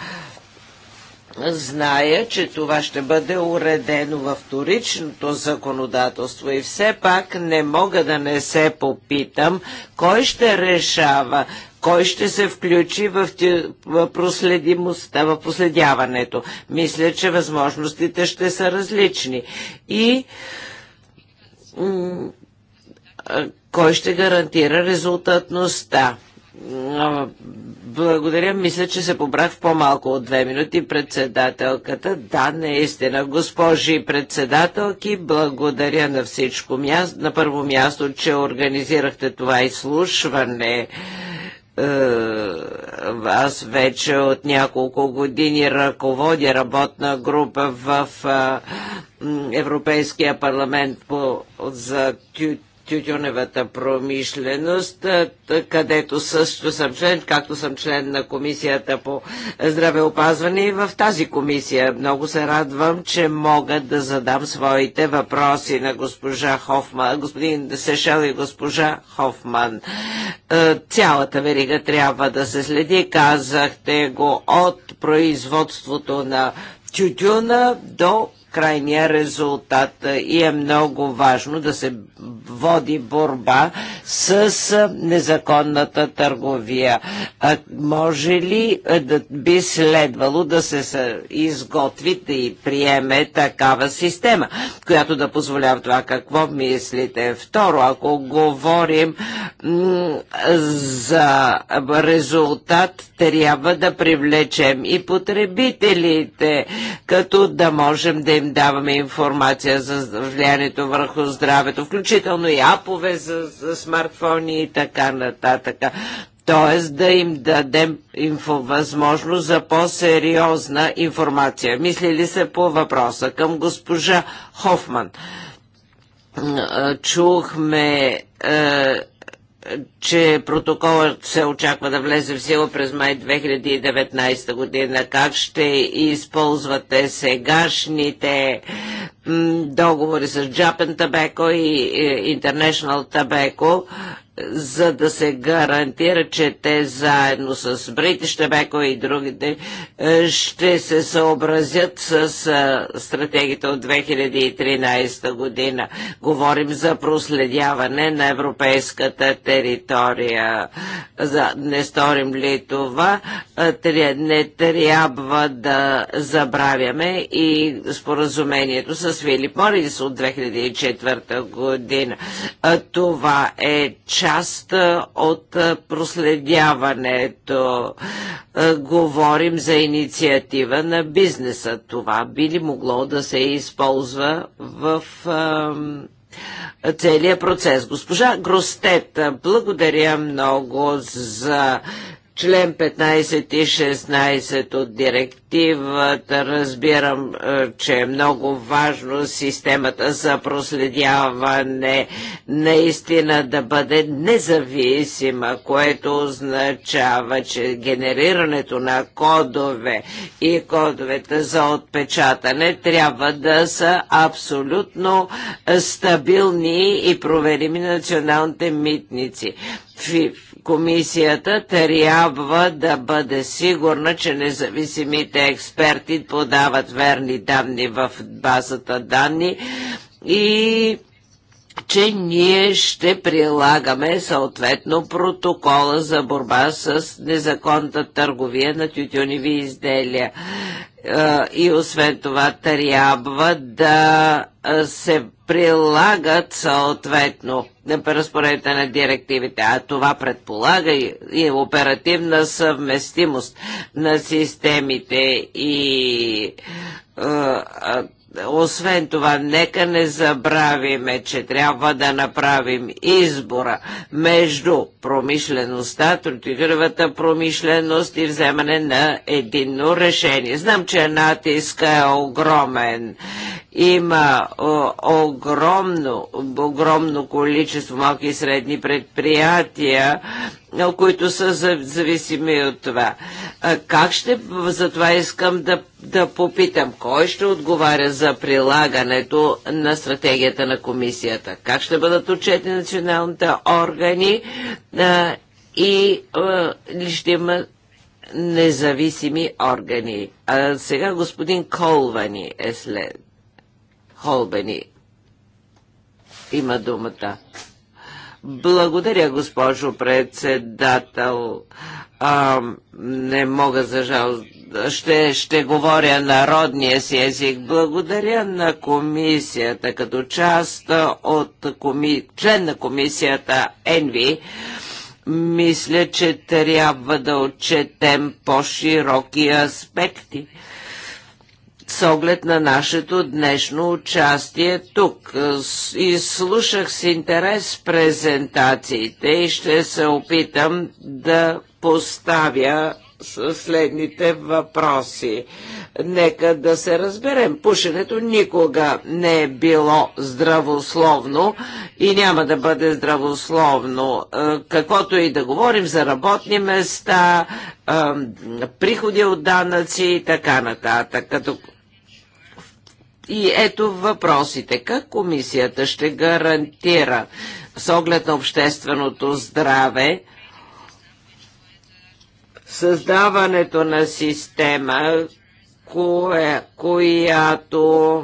Зная, че това ще бъде уредено във вторичното законодателство и все пак не мога да не се попитам кой ще решава кой ще се включи в, проследимостта, в проследяването. Мисля, че възможностите ще са различни. И кой ще гарантира резултатността? Благодаря. Мисля, че се побрах в по-малко от две минути председателката. Да, наистина, госпожи председателки, благодаря на всичко място. На първо място, че организирахте това изслушване. Е, аз вече от няколко години ръководя работна група в е, Европейския парламент по, за тю, тютюневата промишленост, където също съм член, както съм член на комисията по здравеопазване и в тази комисия. Много се радвам, че мога да задам своите въпроси на госпожа Хофман, господин Сешел и госпожа Хофман. Цялата верига трябва да се следи, казахте го, от производството на тютюна до крайния резултат. И е много важно да се води борба с незаконната търговия. А може ли да би следвало да се изготви да и приеме такава система, която да позволява това? Какво мислите? Второ, ако говорим за резултат, трябва да привлечем и потребителите, като да можем да им им даваме информация за влиянието върху здравето, включително и апове за, за смартфони и така нататък Тоест, да им дадем инфо, възможност за по-сериозна информация. Мислили се по въпроса към госпожа Хофман. Чухме е, че протоколът се очаква да влезе в сила през май 2019 година. Как ще използвате сегашните договори с Japan Tobacco и е, International Tobacco за да се гарантира, че те заедно с Бритиш Беко и другите е, ще се съобразят с е, стратегията от 2013 година. Говорим за проследяване на европейската територия. За, не сторим ли това, е, не трябва да забравяме и споразумението с Филип Морис от 2004 година. Това е че част от проследяването. Говорим за инициатива на бизнеса. Това би ли могло да се използва в целият процес. Госпожа Гростет, благодаря много за Член 15 и 16 от директивата разбирам, е, че е много важно системата за проследяване наистина да бъде независима, което означава, че генерирането на кодове и кодовете за отпечатане трябва да са абсолютно стабилни и проверими националните митници комисията трябва да бъде сигурна, че независимите експерти подават верни данни в базата данни и че ние ще прилагаме съответно протокола за борба с незаконната търговия на тютюневи изделия. Е, и освен това трябва да е, се прилагат съответно разпоредите на директивите, а това предполага и оперативна съвместимост на системите и е, освен това, нека не забравиме, че трябва да направим избора между промишлеността, тротигървата промишленост и вземане на единно решение. Знам, че натиска е огромен. Има о, огромно, огромно количество малки и средни предприятия, които са зависими от това. Как ще, затова искам да, да попитам, кой ще отговаря за прилагането на стратегията на комисията? Как ще бъдат отчети националните органи а, и а, ще има независими органи? А сега господин Колвани е след. Холбани има думата. Благодаря, госпожо председател. А, не мога, за жал, ще, ще говоря народния си език. Благодаря на комисията, като част от коми... член на комисията Енви. Мисля, че трябва да отчетем по-широки аспекти с оглед на нашето днешно участие тук. Е, и слушах с интерес презентациите и ще се опитам да поставя следните въпроси. Нека да се разберем. Пушенето никога не е било здравословно и няма да бъде здравословно. Е, каквото и да говорим за работни места, приходи от данъци и така нататък. Като и ето въпросите. Как комисията ще гарантира с оглед на общественото здраве създаването на система, кое, която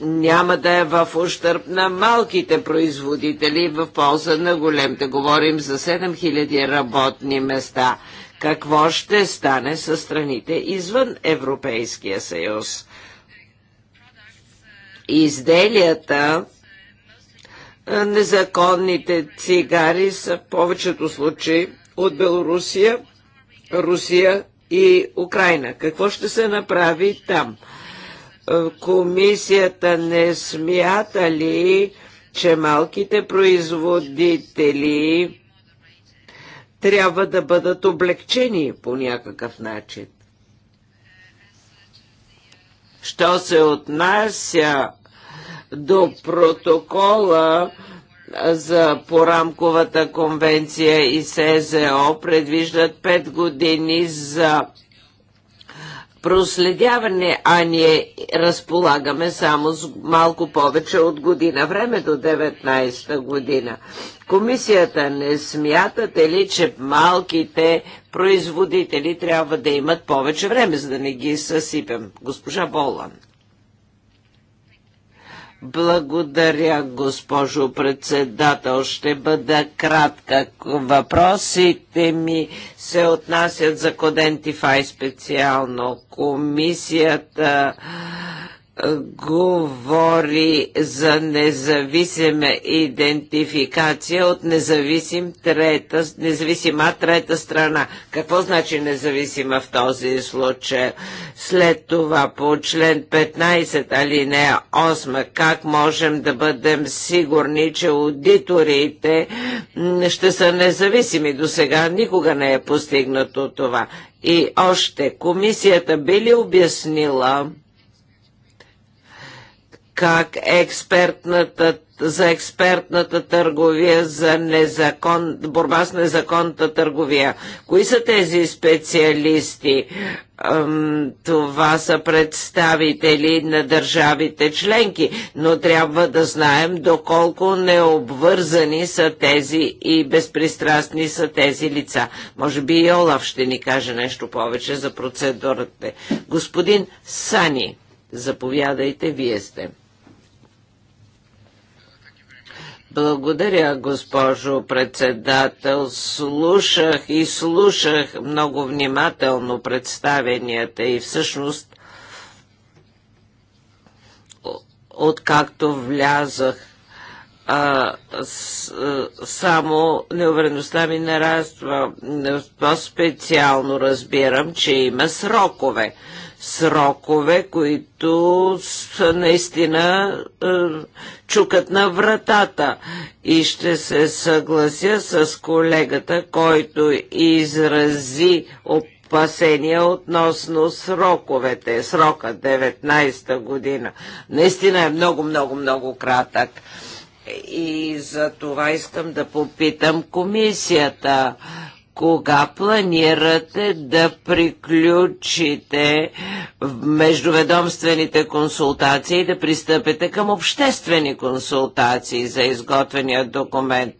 няма да е в ущърп на малките производители в полза на големите. Говорим за 7000 работни места – какво ще стане с страните извън Европейския съюз? Изделията, незаконните цигари са в повечето случаи от Белорусия, Русия и Украина. Какво ще се направи там? Комисията не смята ли, че малките производители трябва да бъдат облегчени по някакъв начин. Що се отнася до протокола за порамковата конвенция и СЗО, предвиждат 5 години за проследяване, а ние разполагаме само с малко повече от година време до 19-та година. Комисията не смятате ли, че малките производители трябва да имат повече време, за да не ги съсипем? Госпожа Болан. Благодаря, госпожо председател. Ще бъда кратка. Въпросите ми се отнасят за Кодентифай специално. Комисията говори за независима идентификация от независим трета, независима трета страна. Какво значи независима в този случай? След това по член 15 алинея 8 как можем да бъдем сигурни, че аудиторите ще са независими? До сега никога не е постигнато това. И още, комисията би ли обяснила как експертната, за експертната търговия, за незакон, борба с незаконната търговия. Кои са тези специалисти? Това са представители на държавите членки, но трябва да знаем доколко необвързани са тези и безпристрастни са тези лица. Може би и Олаф ще ни каже нещо повече за процедурата. Господин Сани, заповядайте, вие сте. Благодаря, госпожо председател. Слушах и слушах много внимателно представенията и всъщност откакто влязах а, с, а, само неувереността ми нараства. По-специално разбирам, че има срокове срокове, които са наистина е, чукат на вратата. И ще се съглася с колегата, който изрази опасения относно сроковете. Срока 19-та година наистина е много, много, много кратък. И за това искам да попитам комисията кога планирате да приключите междуведомствените консултации и да пристъпите към обществени консултации за изготвения документ?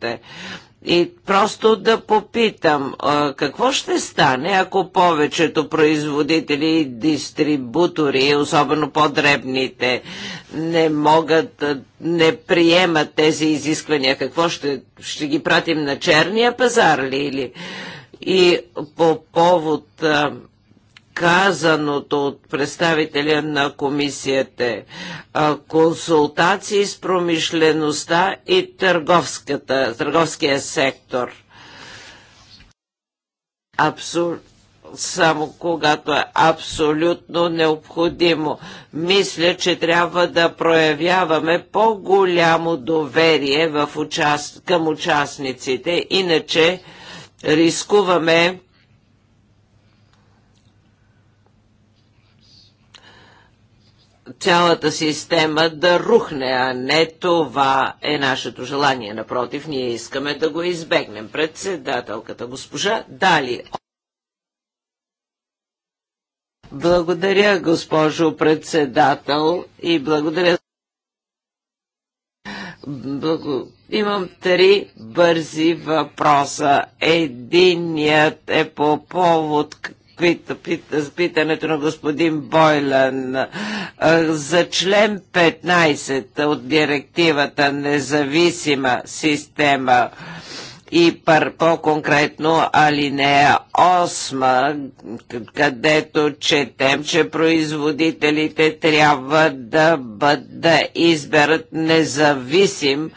И просто да попитам, какво ще стане, ако повечето производители и дистрибутори, особено по-дребните, не могат, не приемат тези изисквания? Какво ще, ще ги пратим на черния пазар ли? Или и по повод казаното от представителя на комисията, консултации с промишлеността и търговския сектор. Абсурд само когато е абсолютно необходимо. Мисля, че трябва да проявяваме по-голямо доверие в участ... към участниците, иначе рискуваме цялата система да рухне, а не това е нашето желание. Напротив, ние искаме да го избегнем. Председателката госпожа Дали. Благодаря, госпожо председател, и благодаря. Благо... Имам три бързи въпроса. Единият е по повод питането на господин Бойлен. за член 15 от директивата независима система и по-конкретно алинея 8, където четем, че производителите трябва да, бъд, да изберат независим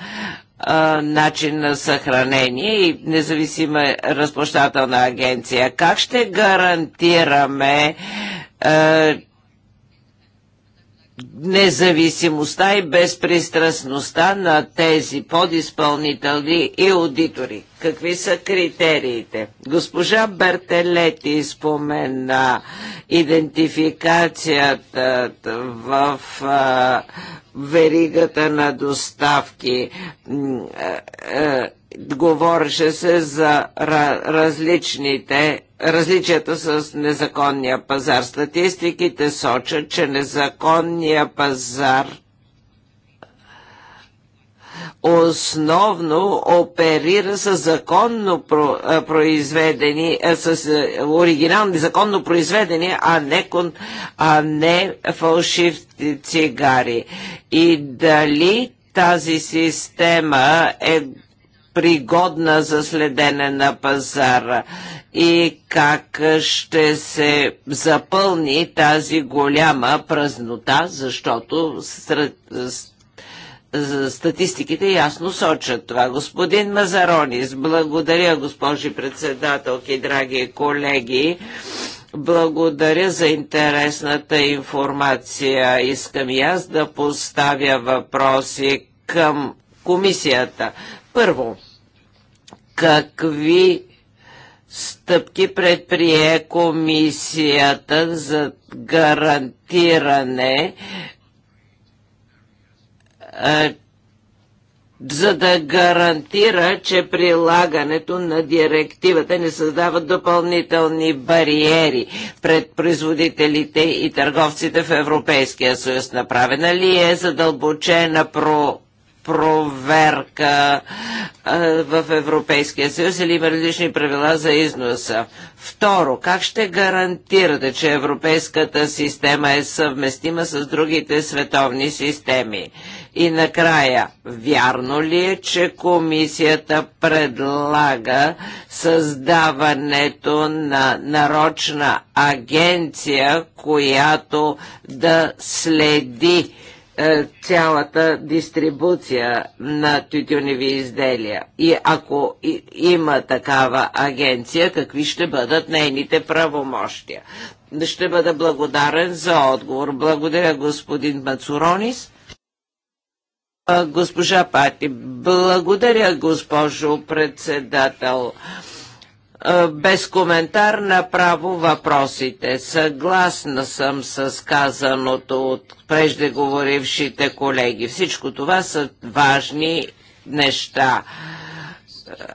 начин на съхранение и независима разплащателна агенция. Как ще гарантираме, независимостта и безпристрастността на тези подизпълнители и аудитори. Какви са критериите? Госпожа Бертелети спомена идентификацията в веригата на доставки. Говореше се за различните различията с незаконния пазар. Статистиките сочат, че незаконния пазар основно оперира с законно произведени, с оригинални законно произведени, а не, а не фалшив цигари. И дали тази система е пригодна за следене на пазара и как ще се запълни тази голяма празнота, защото статистиките ясно сочат това. Господин Мазаронис, благодаря, госпожи председателки, драги колеги. Благодаря за интересната информация. Искам и аз да поставя въпроси към комисията. Първо, какви стъпки предприе комисията за гарантиране е, за да гарантира, че прилагането на директивата не създава допълнителни бариери пред производителите и търговците в Европейския съюз. Направена ли е задълбочена про проверка в Европейския съюз или има различни правила за износа? Второ, как ще гарантирате, че европейската система е съвместима с другите световни системи? И накрая, вярно ли е, че комисията предлага създаването на нарочна агенция, която да следи е, цялата дистрибуция на тютюневи изделия. И ако има такава агенция, какви ще бъдат нейните правомощия? Ще бъда благодарен за отговор. Благодаря господин Мацуронис. Госпожа Пати, благодаря госпожо председател. Е, без коментар направо въпросите. Съгласна съм с казаното от преждеговорившите колеги. Всичко това са важни неща.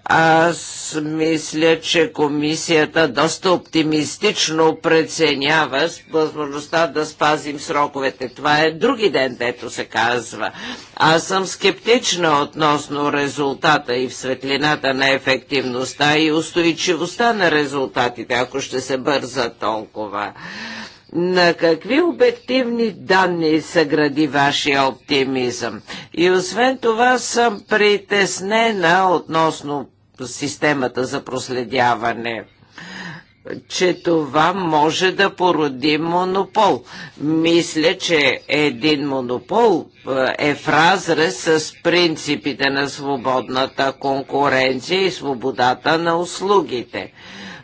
Аз мисля, че комисията доста оптимистично преценява възможността да спазим сроковете. Това е други ден, дето се казва. Аз съм скептична относно резултата и в светлината на ефективността и устойчивостта на резултатите, ако ще се бърза толкова. На какви обективни данни се гради вашия оптимизъм? И освен това съм притеснена относно системата за проследяване че това може да породи монопол. Мисля, че един монопол е в разрез с принципите на свободната конкуренция и свободата на услугите.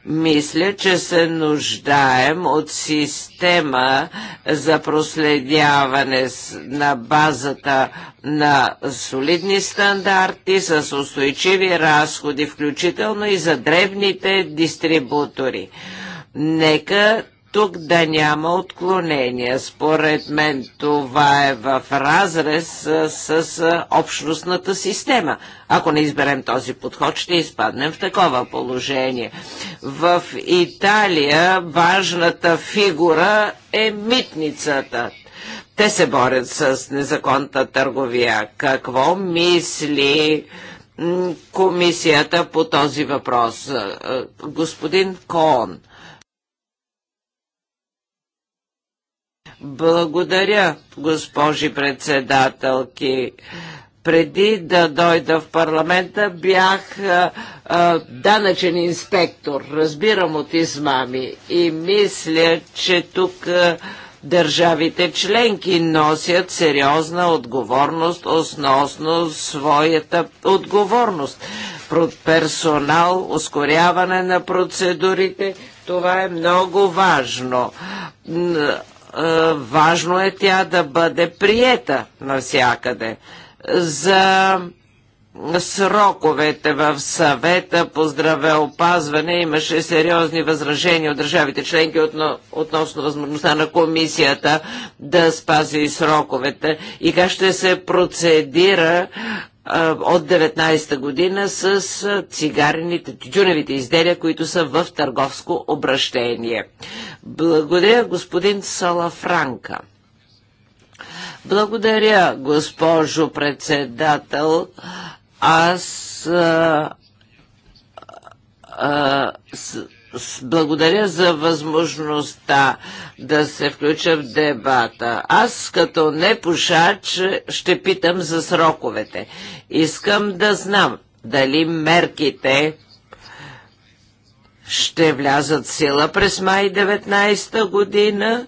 Мисля, че се нуждаем от система за проследяване на базата на солидни стандарти с устойчиви разходи, включително и за древните дистрибутори. Нека тук да няма отклонения. Според мен това е в разрез с, с, с общностната система. Ако не изберем този подход, ще изпаднем в такова положение. В Италия важната фигура е митницата. Те се борят с незаконната търговия. Какво мисли комисията по този въпрос? Е, е, господин Коон. Благодаря, госпожи председателки преди да дойда в парламента, бях а, а, данъчен инспектор, разбирам от измами и мисля, че тук а, държавите членки носят сериозна отговорност относно своята отговорност. Прод персонал, ускоряване на процедурите, това е много важно. Е, важно е тя да бъде приета навсякъде. За сроковете в съвета по здравеопазване имаше сериозни възражения от държавите членки относно възможността на комисията да спази сроковете и как ще се процедира от 19-та година с цигарените, тютюневите изделия, които са в търговско обращение. Благодаря господин Салафранка. Благодаря, госпожо председател. Аз а, а, с, благодаря за възможността да се включа в дебата. Аз като не пушач ще питам за сроковете. Искам да знам дали мерките ще влязат сила през май 19 година,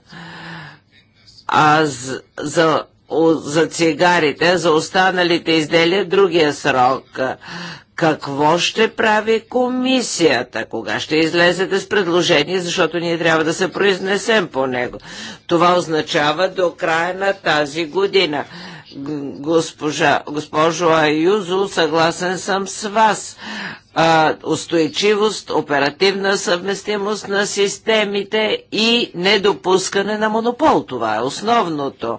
а за, за, за цигарите, за останалите изделия другия срок какво ще прави комисията? Кога ще излезете с предложение, защото ние трябва да се произнесем по него? Това означава до края на тази година. Госпожа, госпожо Аюзо, съгласен съм с вас. А, устойчивост, оперативна съвместимост на системите и недопускане на монопол. Това е основното.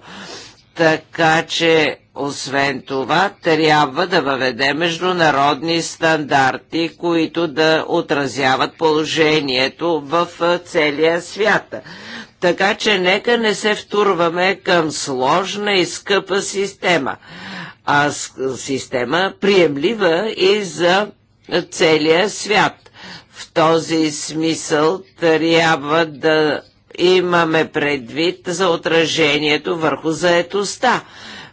Така че, освен това, трябва да въведе международни стандарти, които да отразяват положението в целия свят. Така че нека не се втурваме към сложна и скъпа система, а система приемлива и за целия свят. В този смисъл трябва да имаме предвид за отражението върху заетостта.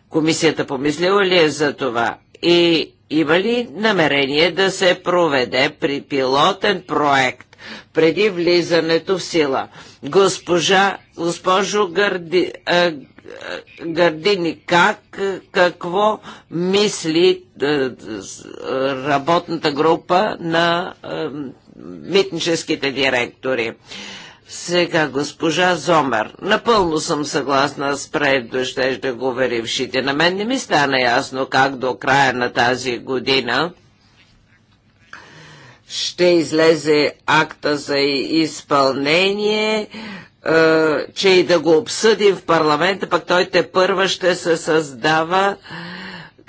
Комисията помислила ли е за това? И има ли намерение да се проведе при пилотен проект преди влизането в сила? Госпожа, госпожо Гърди, а, Гърдини, как, какво мисли а, работната група на а, митническите директори? Сега госпожа Зомер, напълно съм съгласна с говорившите. На мен не ми стана ясно как до края на тази година ще излезе акта за изпълнение, е, че и да го обсъдим в парламента, пък той те първа ще се създава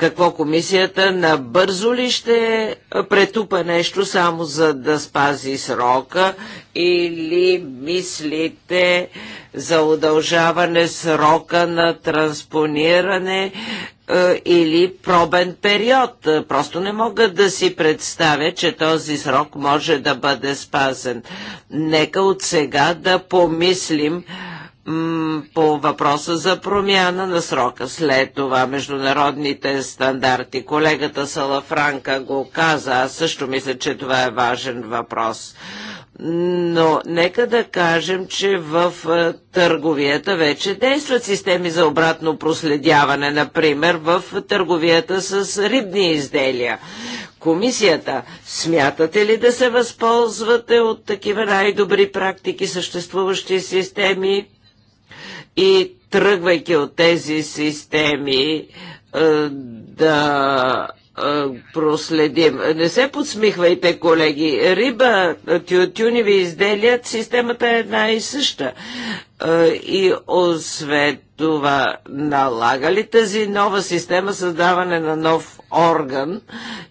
какво комисията набързо ли ще претупа нещо само за да спази срока или мислите за удължаване срока на транспониране или пробен период. Просто не мога да си представя, че този срок може да бъде спазен. Нека от сега да помислим по въпроса за промяна на срока. След това международните стандарти. Колегата Салафранка го каза, аз също мисля, че това е важен въпрос. Но нека да кажем, че в е, търговията вече действат системи за обратно проследяване, например в търговията с рибни изделия. Комисията, смятате ли да се възползвате от такива най-добри практики, съществуващи системи? и тръгвайки от тези системи е, да е, проследим. Не се подсмихвайте, колеги. Риба, тютюневи изделия, системата е една и съща. Е, и освен това, налага ли тази нова система създаване на нов орган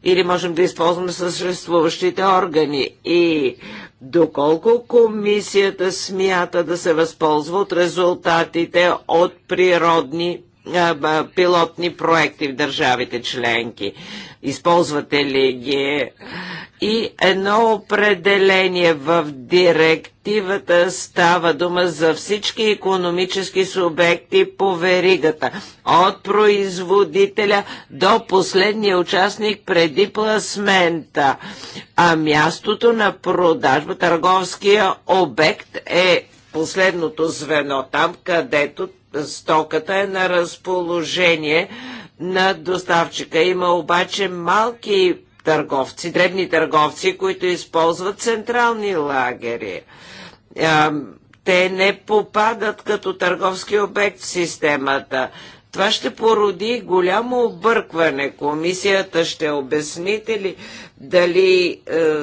или можем да използваме съществуващите органи? И доколко комисията смята да се възползва от резултатите от природни а, пилотни проекти в държавите членки. Използвате ли ги? и едно определение в директивата става дума за всички економически субекти по веригата, от производителя до последния участник преди пласмента. А мястото на продажба, търговския обект е последното звено, там където стоката е на разположение на доставчика. Има обаче малки търговци, дребни търговци, които използват централни лагери. Те не попадат като търговски обект в системата. Това ще породи голямо объркване. Комисията ще обясните ли дали е,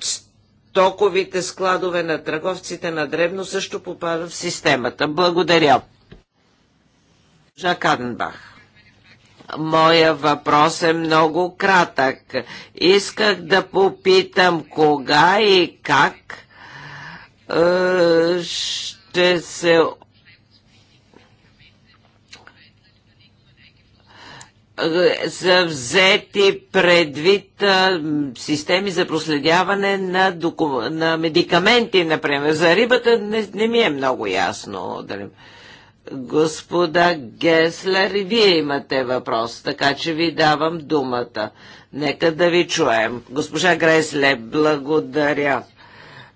стоковите складове на търговците на Дребно също попадат в системата? Благодаря. Жак Аденбах. Моя въпрос е много кратък. Исках да попитам кога и как е, ще се са взети предвид а, е, системи за проследяване на, доку... на медикаменти, например. За рибата не, не ми е много ясно. Да А, Господа Геслер, и вие имате въпрос, така че ви давам думата. Нека да ви чуем. Госпожа Гресле, благодаря.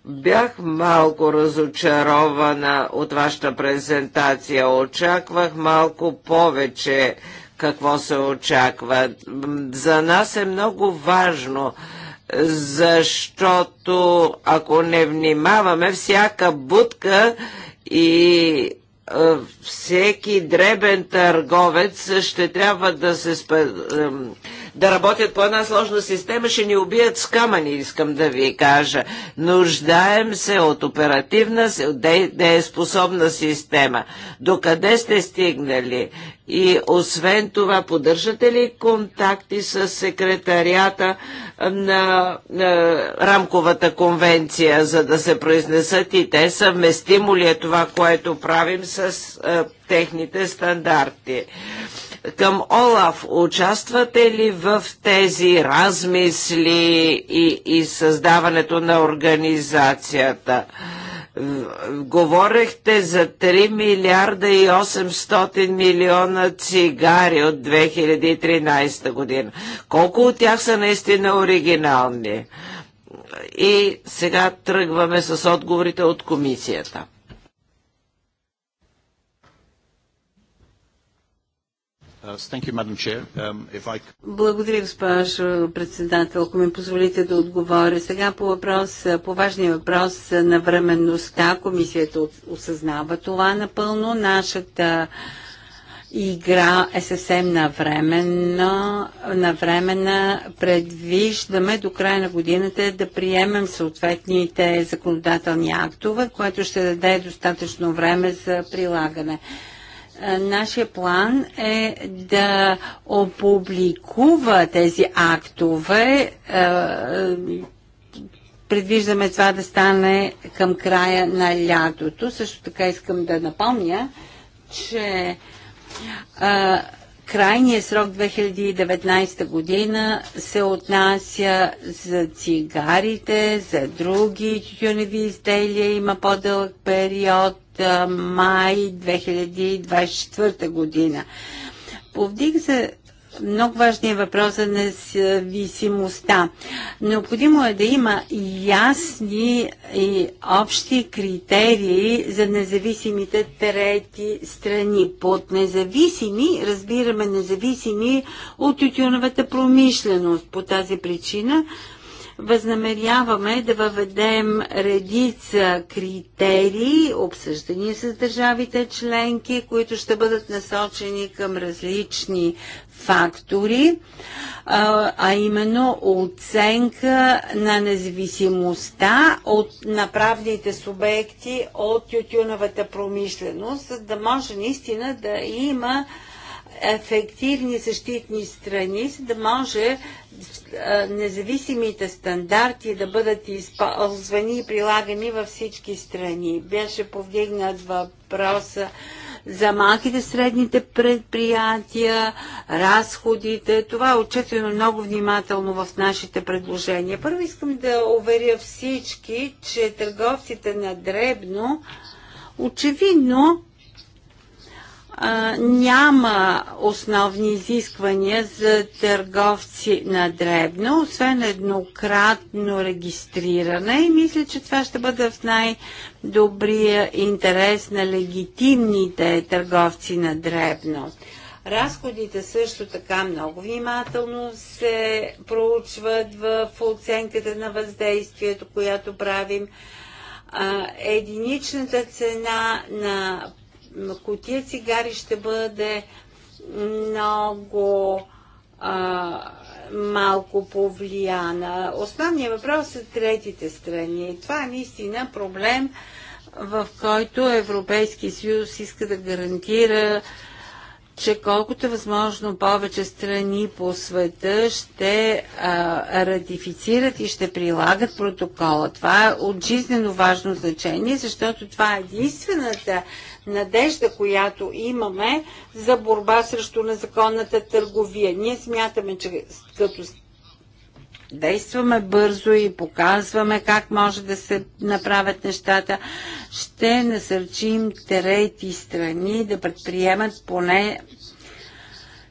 Бях малко разочарована от вашата презентация. Очаквах малко повече какво се очаква. За нас е много важно защото ако не внимаваме, всяка будка и всеки дребен търговец ще трябва да се да работят по една сложна система, ще ни убият с камъни, искам да ви кажа. Нуждаем се от оперативна, способна система. Докъде сте стигнали? И освен това, поддържате ли контакти с секретарията на, на рамковата конвенция, за да се произнесат и те съвместимо ли е това, което правим с а, техните стандарти? към Олаф. Участвате ли в тези размисли и, и създаването на организацията? Говорехте за 3 милиарда и 800 милиона цигари от 2013 година. Колко от тях са наистина оригинални? И сега тръгваме с отговорите от комисията. Uh, um, Благодаря, госпожо председател. Ако ми позволите да отговоря сега по, въпрос, по важния въпрос на временността, комисията осъзнава това напълно. Нашата игра е съвсем навременна, навременна. Предвиждаме до края на годината да приемем съответните законодателни актове, което ще даде достатъчно време за прилагане. Нашия план е да опубликува тези актове. Е, предвиждаме това да стане към края на лятото. Също така искам да напомня, че е, крайният срок 2019 година се отнася за цигарите, за други тютюневи изделия. Има по-дълъг период май 2024 година. Повдиг се много важния въпрос за независимостта. Необходимо е да има ясни и общи критерии за независимите трети страни. Под независими разбираме независими от тютюновата промишленост. По тази причина възнамеряваме да въведем редица критерии, обсъждани с държавите членки, които ще бъдат насочени към различни фактори, а именно оценка на независимостта от направните субекти от тютюновата промишленост, за да може наистина да има ефективни защитни страни, за да може независимите стандарти да бъдат използвани и прилагани във всички страни. Беше повдигнат въпроса за малките средните предприятия, разходите. Това е отчетено много внимателно в нашите предложения. Първо искам да уверя всички, че търговците на дребно очевидно няма основни изисквания за търговци на дребно, освен еднократно регистриране и мисля, че това ще бъде в най-добрия интерес на легитимните търговци на дребно. Разходите също така много внимателно се проучват в оценката на въздействието, която правим единичната цена на кутия цигари ще бъде много а, малко повлияна. Основният въпрос са третите страни. И това е наистина проблем, в който Европейски съюз иска да гарантира, че колкото е възможно повече страни по света ще а, ратифицират и ще прилагат протокола. Това е от жизнено важно значение, защото това е единствената надежда, която имаме за борба срещу незаконната търговия. Ние смятаме, че като действаме бързо и показваме как може да се направят нещата, ще насърчим трети страни да предприемат поне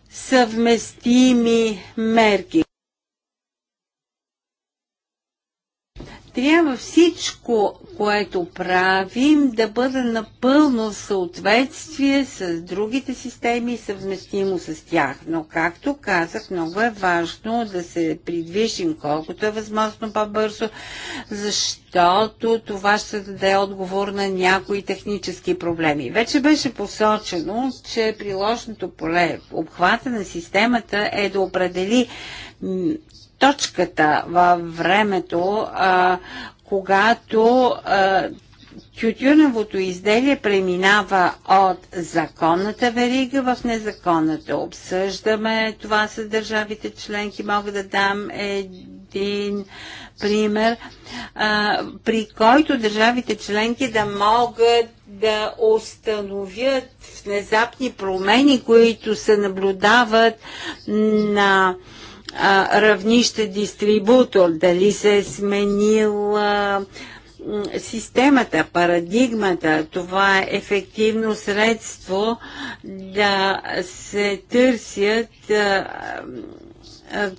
съвместими мерки. трябва всичко, което правим, да бъде напълно в съответствие с другите системи и съвместимо с тях. Но, както казах, много е важно да се придвижим колкото е възможно по-бързо, защото това ще даде отговор на някои технически проблеми. Вече беше посочено, че приложното поле, обхвата на системата е да определи точката във времето, а, когато а, тютюневото изделие преминава от законната верига в незаконната. Обсъждаме това с държавите членки. Мога да дам един пример, а, при който държавите членки да могат да установят внезапни промени, които се наблюдават на а, а, равнище дистрибутор, дали се е сменила системата, парадигмата, това е ефективно средство да се търсят а,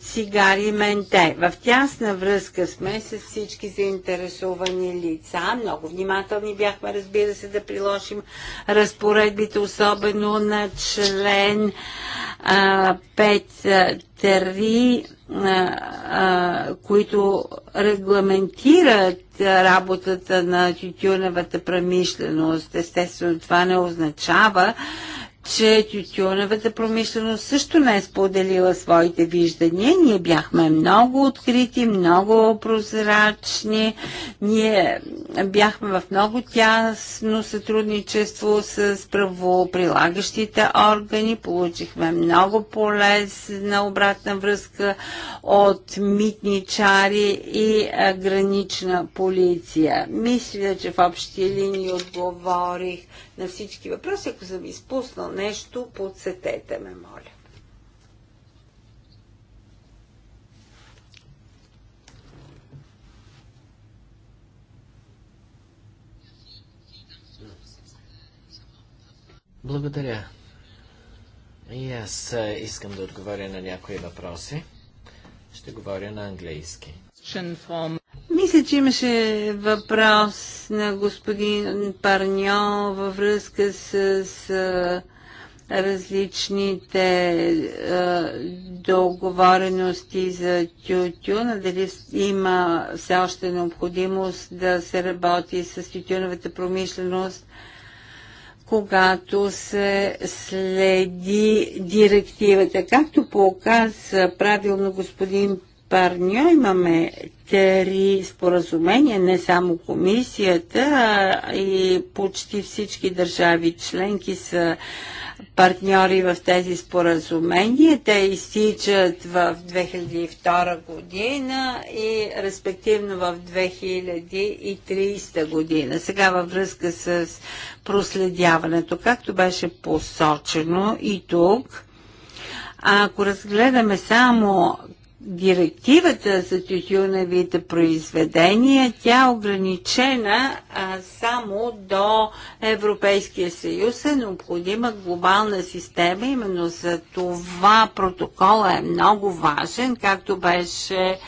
цигари менте. В тясна връзка сме с всички заинтересовани лица. Много внимателни бяхме, разбира се, да приложим разпоредбите, особено на член 5.3, които регламентират работата на тютюневата промишленост. Естествено, това не означава, че тютюневата промишленост също не е споделила своите виждания. Ние бяхме много открити, много прозрачни. Ние бяхме в много тясно сътрудничество с правоприлагащите органи. Получихме много полезна обратна връзка от митничари и гранична полиция. Мисля, че в общи линии отговорих на всички въпроси. Ако съм изпуснал нещо, подсетете ме, моля. Благодаря. И аз искам да отговоря на някои въпроси. Ще говоря на английски. Мисля, че имаше въпрос на господин Парньо във връзка с, с различните е, договорености за тютюна, дали има все още необходимост да се работи с тютюновата промишленост, когато се следи директивата. Както показа правилно господин Парньо имаме три споразумения, не само комисията, а и почти всички държави членки са партньори в тези споразумения. Те изтичат в 2002 година и респективно в 2030 година. Сега във връзка с проследяването, както беше посочено и тук, ако разгледаме само директивата за тютюневите произведения, тя е ограничена а, само до Европейския съюз. Е необходима глобална система. Именно за това протокола е много важен, както беше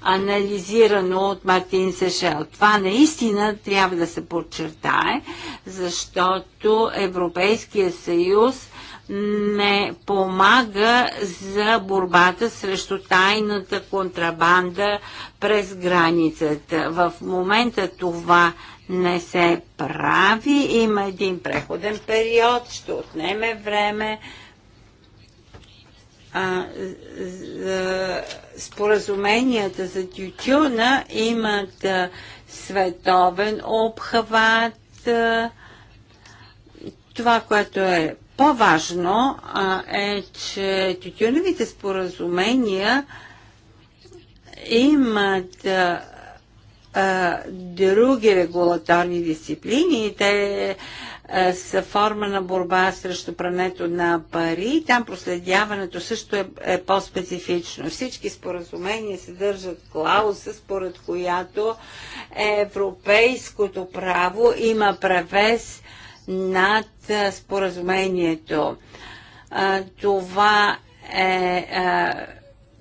анализирано от Мартин Сешел. Това наистина трябва да се подчертае, защото Европейския съюз не помага за борбата срещу тайната контрабанда през границата. В момента това не се прави. Има един преходен период, ще отнеме време. А, за споразуменията за тютюна имат а, световен обхват. А, това, което е по-важно е, че тютюневите споразумения имат а, а, други регулаторни дисциплини. Те а, са форма на борба срещу прането на пари. Там проследяването също е, е по-специфично. Всички споразумения съдържат клауза, според която европейското право има превес а, над споразумението. Това е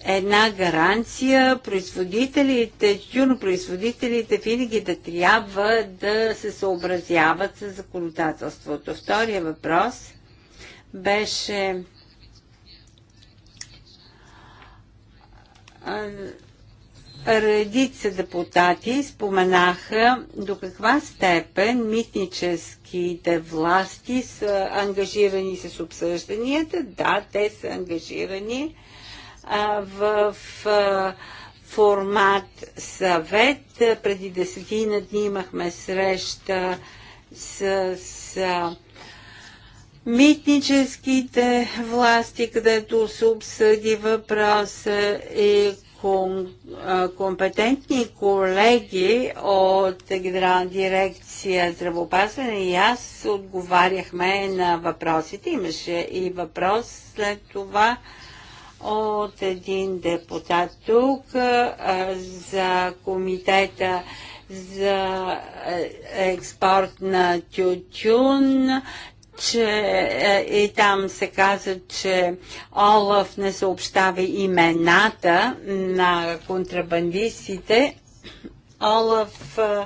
една гаранция производителите, тюнопроизводителите винаги да трябва да се съобразяват с законодателството. Втория въпрос беше редица депутати споменаха до каква степен митнически Гръцките власти са ангажирани с обсъжданията. Да, те са ангажирани а, в а, формат съвет. Преди десетина дни имахме среща с, с митническите власти, където се обсъди въпроса и компетентни колеги от Генерална дирекция здравеопазване и аз отговаряхме на въпросите. Имаше и въпрос след това от един депутат тук за комитета за е, експорт на тютюн че е, и там се каза, че Олаф не съобщава имената на контрабандистите. Олаф е,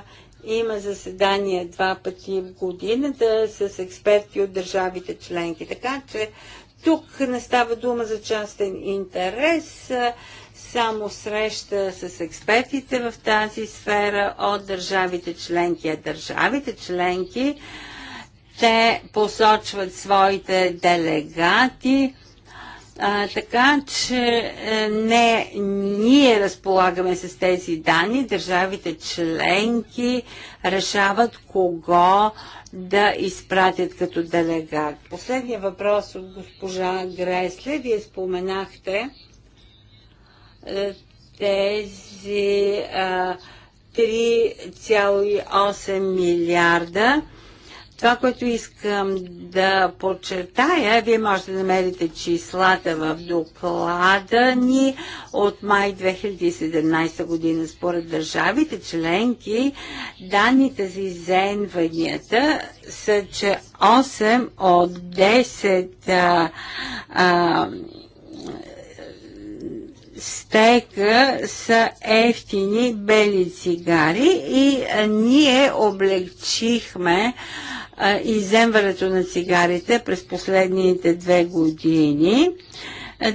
има заседание два пъти в годината с експерти от държавите членки. Така че тук не става дума за частен интерес, е, само среща с експертите в тази сфера от държавите членки. А държавите членки те посочват своите делегати, а, така че е, не ние разполагаме с тези данни, държавите членки решават кого да изпратят като делегат. Последният въпрос от госпожа Гресле. Вие споменахте е, тези 3,8 милиарда това, което искам да подчертая, вие можете да намерите числата в доклада ни от май 2017 година според държавите членки. Данните за изенванията са, че 8 от 10 а, а, стека са ефтини бели цигари и ние облегчихме а, а, иземването на цигарите през последните две години.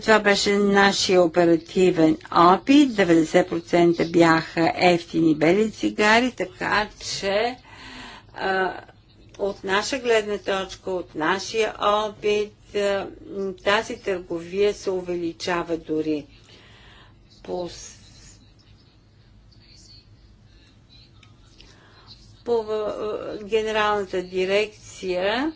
Това беше нашия оперативен опит. 90% бяха ефтини бели цигари, така че а, от наша гледна точка, от нашия опит, а, тази търговия се увеличава дори. Пос по генералната дирекция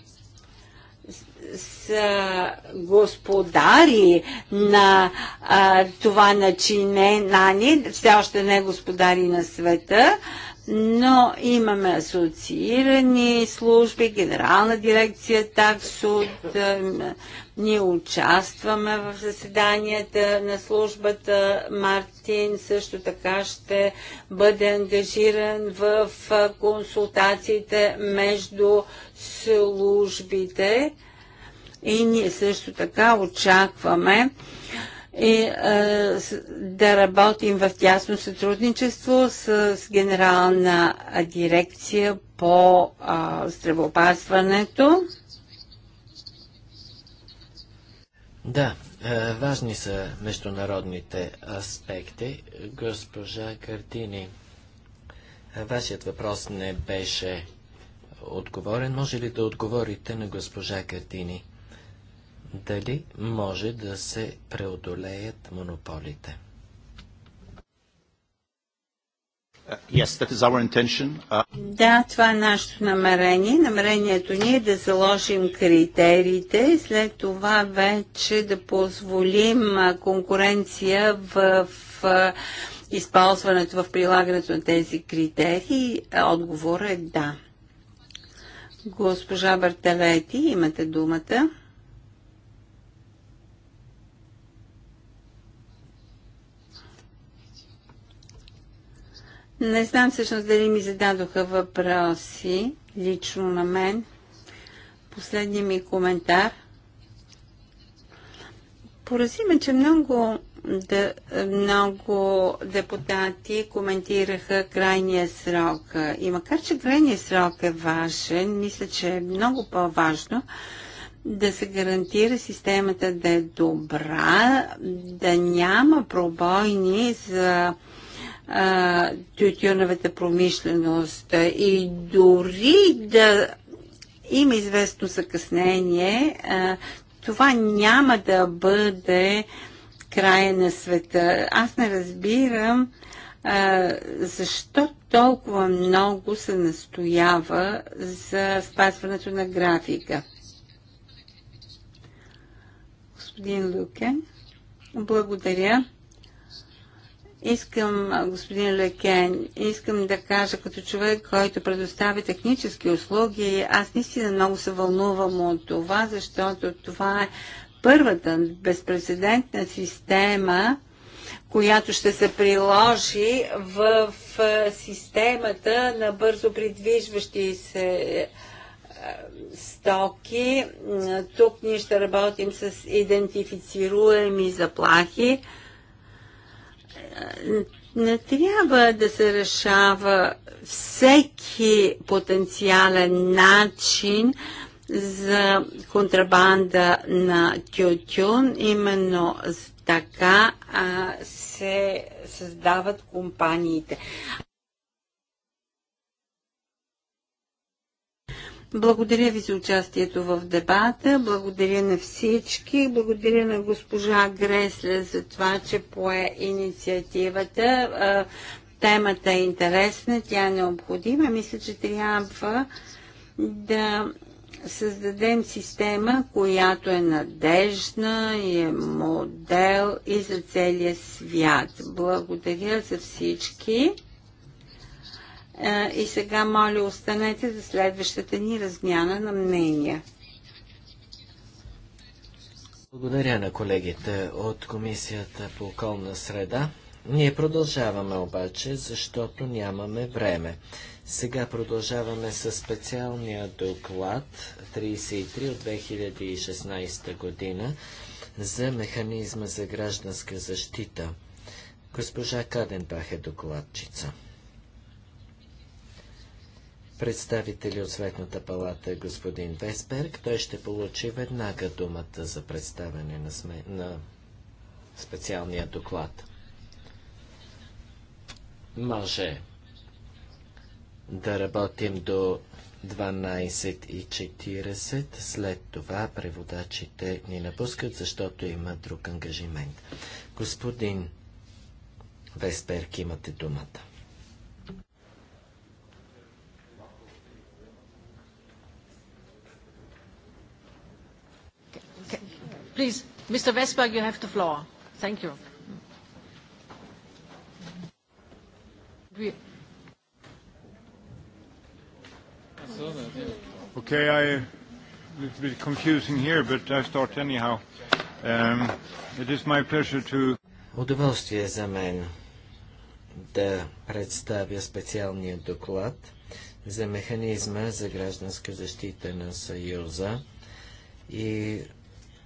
са господари на а, това начинение, все още не е господари на света, но имаме асоциирани служби, генерална дирекция таксот, е, ние участваме в заседанията на службата. Мартин също така ще бъде ангажиран в консултациите между службите. И ние също така очакваме и е, а, е, да работим в тясно сътрудничество с, с Генерална дирекция по а, здравопазването. Да, е, важни са международните аспекти. Госпожа Картини, вашият въпрос не беше отговорен. Може ли да отговорите на госпожа Картини? дали може да се преодолеят монополите. Uh, uh, да, това е нашето намерение. Намерението ни е да заложим критериите и след това вече да позволим конкуренция в, в използването, в прилагането на тези критерии. Отговор е да. Госпожа Бартелети, имате думата. Не знам всъщност дали ми зададоха въпроси лично на мен. Последния ми коментар. Порази ме, че много, да, много депутати коментираха крайния срок. И макар, че крайния срок е важен, мисля, че е много по-важно да се гарантира системата да е добра, да няма пробойни за тютюновата промишленост и дори да има известно закъснение, а, това няма да бъде края на света. Аз не разбирам а, защо толкова много се настоява за спазването на графика. Господин Люкен, благодаря. Искам, господин Лекен, искам да кажа като човек, който предоставя технически услуги, аз наистина много се вълнувам от това, защото това е първата безпредседентна система, която ще се приложи в системата на бързо придвижващи се стоки. Тук ние ще работим с идентифицируеми заплахи не трябва да се решава всеки потенциален начин за контрабанда на тютюн. Именно така а, се създават компаниите. Благодаря ви за участието в дебата, благодаря на всички, благодаря на госпожа Гресле за това, че пое инициативата. Темата е интересна, тя е необходима. Мисля, че трябва да създадем система, която е надежна и е модел и за целия свят. Благодаря за всички. И сега, моля, останете за следващата ни размяна на мнения. Благодаря на колегите от Комисията по околна среда. Ние продължаваме обаче, защото нямаме време. Сега продължаваме с специалния доклад 33 от 2016 година за механизма за гражданска защита. Госпожа Каденбах е докладчица представители от Светната палата господин Весберг. Той ще получи веднага думата за представяне на, сме... на специалния доклад. Може да работим до 12.40. След това преводачите ни напускат, защото има друг ангажимент. Господин Весберг, имате думата. Please, Mr. Vesberg, you have the floor. Thank you. Okay, I, a little bit confusing here, but I start anyhow. Um, it is my pleasure to... Удоволствие за мен да представя специалния доклад за механизма за гражданска защита на Съюза и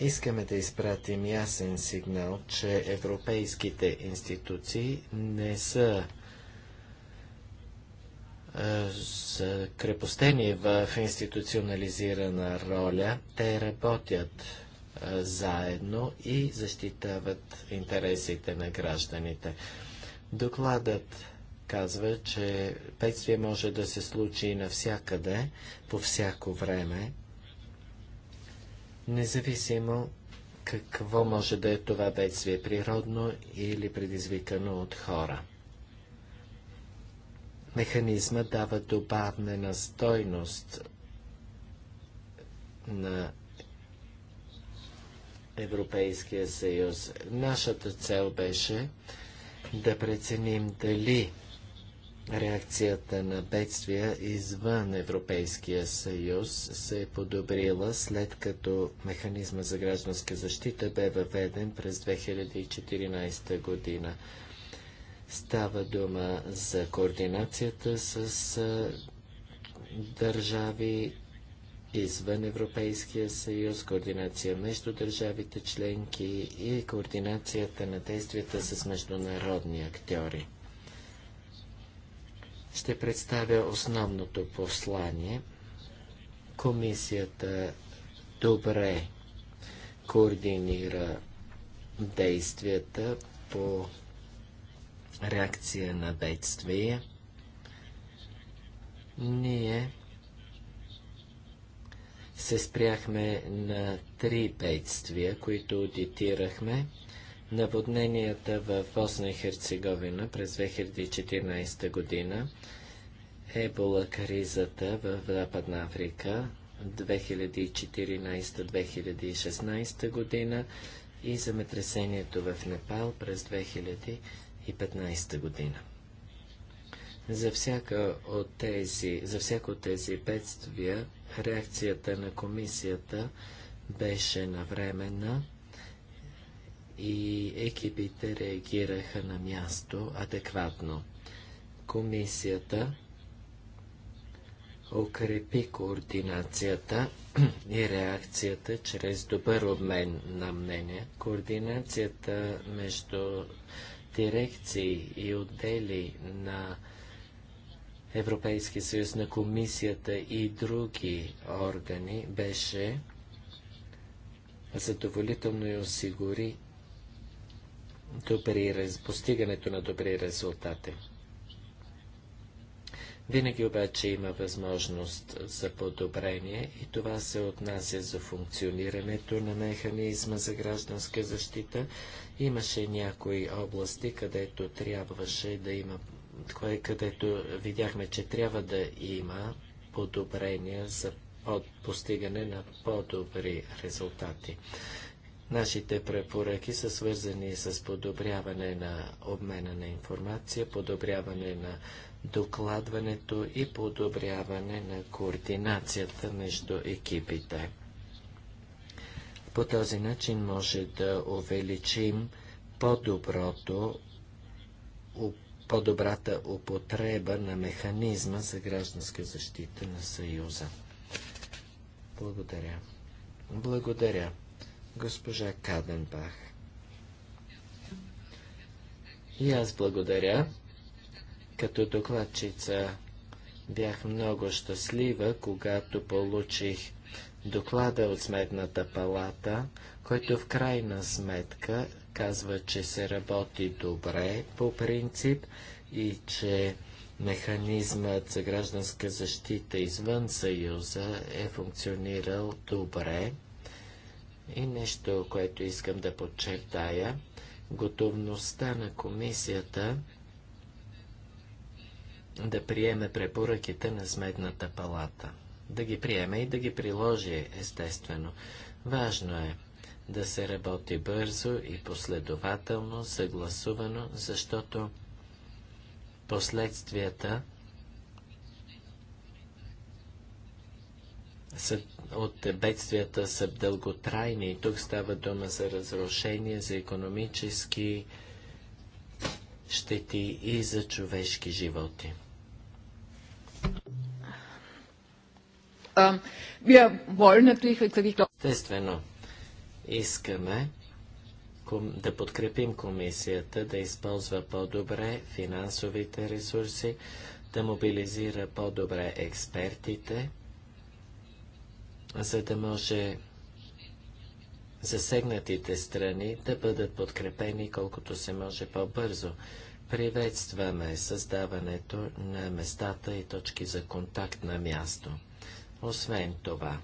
Искаме да изпратим ясен сигнал, че европейските институции не са са крепостени в институционализирана роля. Те работят заедно и защитават интересите на гражданите. Докладът казва, че бедствие може да се случи навсякъде, по всяко време независимо какво може да е това бедствие, природно или предизвикано от хора. Механизма дава добавнена стойност на Европейския съюз. Нашата цел беше да преценим дали реакцията на бедствия извън Европейския съюз се е подобрила след като механизма за гражданска защита бе въведен през 2014 година. Става дума за координацията с държави извън Европейския съюз, координация между държавите членки и координацията на действията с международни актьори ще представя основното послание. Комисията добре координира действията по реакция на бедствие. Ние се спряхме на три бедствия, които аудитирахме. Наводненията в Босна и Херцеговина през 2014 година, ебола кризата в Западна Африка 2014-2016 година и земетресението в Непал през 2015 година. За, всяка от тези, за всяко от тези бедствия реакцията на комисията беше навременна и екипите реагираха на място адекватно. Комисията укрепи координацията и реакцията чрез добър обмен на мнение. Координацията между дирекции и отдели на Европейския съюз, на комисията и други органи беше задоволително и осигури добри, постигането на добри резултати. Винаги обаче има възможност за подобрение и това се отнася за функционирането на механизма за гражданска защита. Имаше някои области, където трябваше да има, където видяхме, че трябва да има подобрения за под постигане на по-добри резултати. Нашите препоръки са свързани с подобряване на обмена на информация, подобряване на докладването и подобряване на координацията между екипите. По този начин може да увеличим по-доброто, по-добрата употреба на механизма за гражданска защита на Съюза. Благодаря. Благодаря госпожа Каденбах. И аз благодаря. Като докладчица бях много щастлива, когато получих доклада от Сметната палата, който в крайна сметка казва, че се работи добре по принцип и че механизмът за гражданска защита извън Съюза е функционирал добре и нещо, което искам да подчертая, готовността на комисията да приеме препоръките на Сметната палата. Да ги приеме и да ги приложи, естествено. Важно е да се работи бързо и последователно, съгласувано, защото последствията от бедствията са дълготрайни. Тук става дума за разрушение, за економически щети и за човешки животи. Естествено, искаме да подкрепим комисията да използва по-добре финансовите ресурси, да мобилизира по-добре експертите, за да може засегнатите страни да бъдат подкрепени колкото се може по-бързо. Приветстваме създаването на местата и точки за контакт на място. Освен това,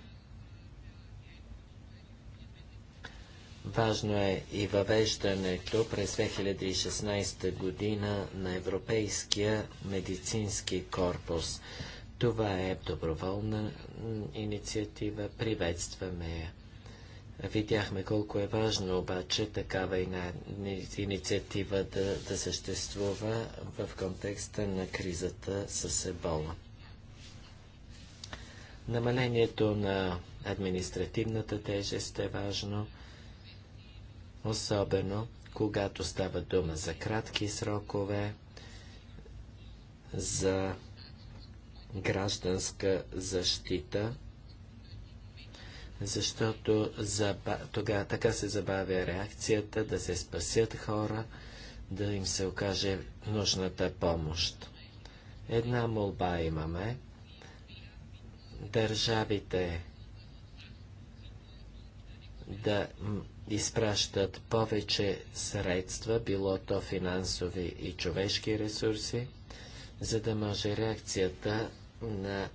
Важно е и въвеждането през 2016 година на Европейския медицински корпус. Това е доброволна инициатива, приветстваме я. Видяхме колко е важно обаче такава инициатива да, да съществува в контекста на кризата с ебола. Намалението на административната тежест е важно, особено когато става дума за кратки срокове, за гражданска защита, защото заба... тогава така се забавя реакцията, да се спасят хора, да им се окаже нужната помощ. Една молба имаме. Държавите да изпращат повече средства, било то финансови и човешки ресурси, за да може реакцията на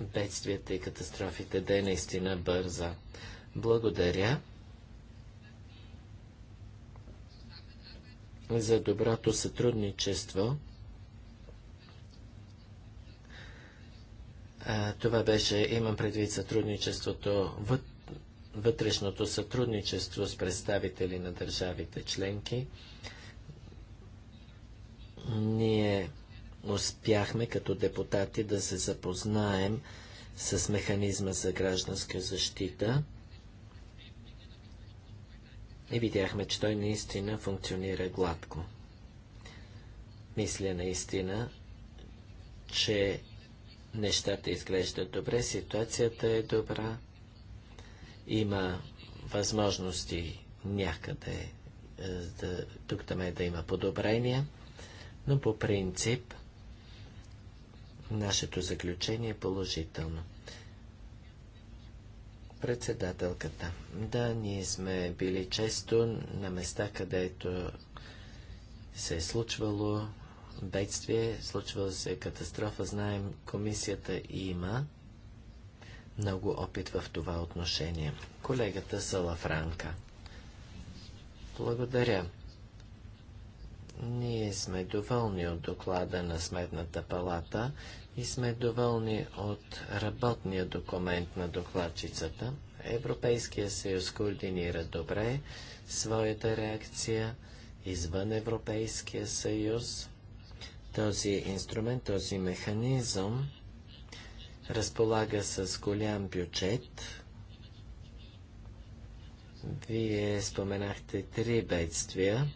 бедствията и катастрофите да е наистина бърза. Благодаря за доброто сътрудничество. това беше, имам предвид сътрудничеството, вътрешното сътрудничество с представители на държавите членки. Ние успяхме като депутати да се запознаем с механизма за гражданска защита и видяхме, че той наистина функционира гладко. Мисля наистина, че нещата изглеждат добре, ситуацията е добра, има възможности някъде е, да, тук е да има подобрения, но по принцип Нашето заключение е положително. Председателката. Да, ние сме били често на места, където се е случвало бедствие, случвало се катастрофа. Знаем, комисията има много опит в това отношение. Колегата Салафранка. Благодаря. Ние сме доволни от доклада на Сметната палата и сме доволни от работния документ на докладчицата. Европейския съюз координира добре своята реакция извън Европейския съюз. Този инструмент, този механизъм разполага с голям бюджет. Вие споменахте три бедствия.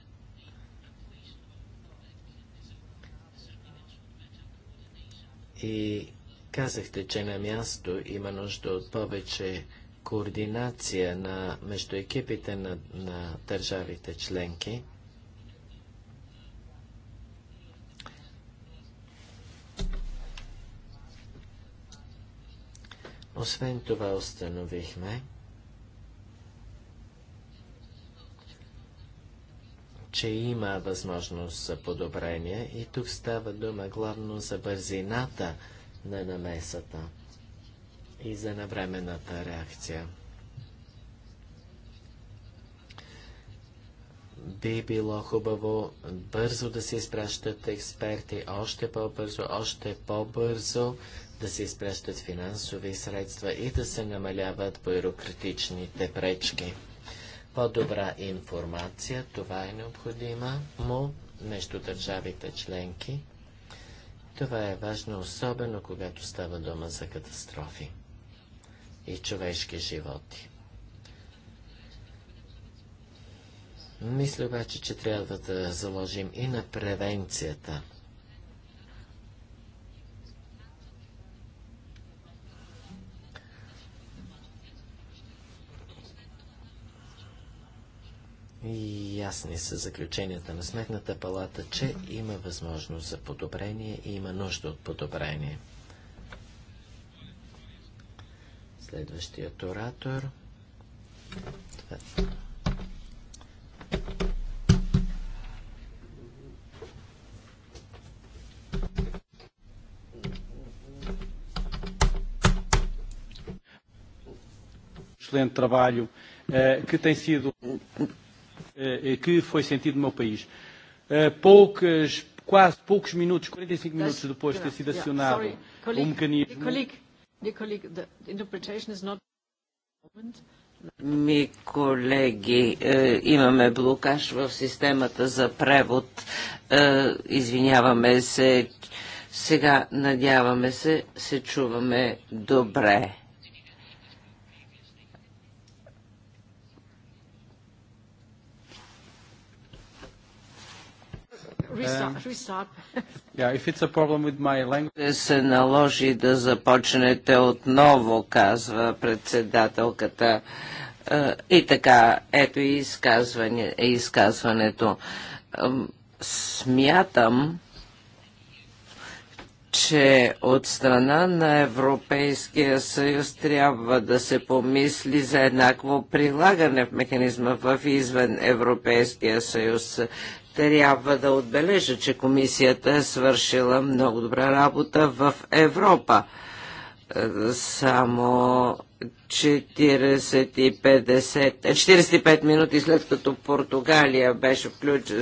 и казахте, че на място има нужда от повече координация на, между екипите на, на държавите членки. Освен това установихме, че има възможност за подобрение и тук става дума главно за бързината на намесата и за навременната реакция. би било хубаво бързо да се изпращат експерти, още по-бързо, още по-бързо да се изпращат финансови средства и да се намаляват бюрократичните пречки. По-добра информация, това е необходима му между държавите членки. Това е важно, особено когато става дума за катастрофи и човешки животи. Мисля обаче, че трябва да заложим и на превенцията – И ясни са заключенията на Сметната палата, че има възможност за подобрение и има нужда от подобрение. Следващият оратор. Член Травалю, eh, que tem sido que foi sentido no meu país. Poucas, quase poucos minutos, 45 minutos depois de ter sido acionado o mecanismo... Ми, колеги, имаме блокаж в системата за превод. Извиняваме се. Сега, надяваме се, се чуваме добре. Е, Ще се наложи да започнете отново, казва председателката. Е, и така, ето и изказването. Смятам, че от страна на Европейския съюз трябва да се помисли за еднакво прилагане в механизма в извън Европейския съюз трябва да отбележа, че комисията е свършила много добра работа в Европа. Е, само 45 е, минути след като Португалия беше включ,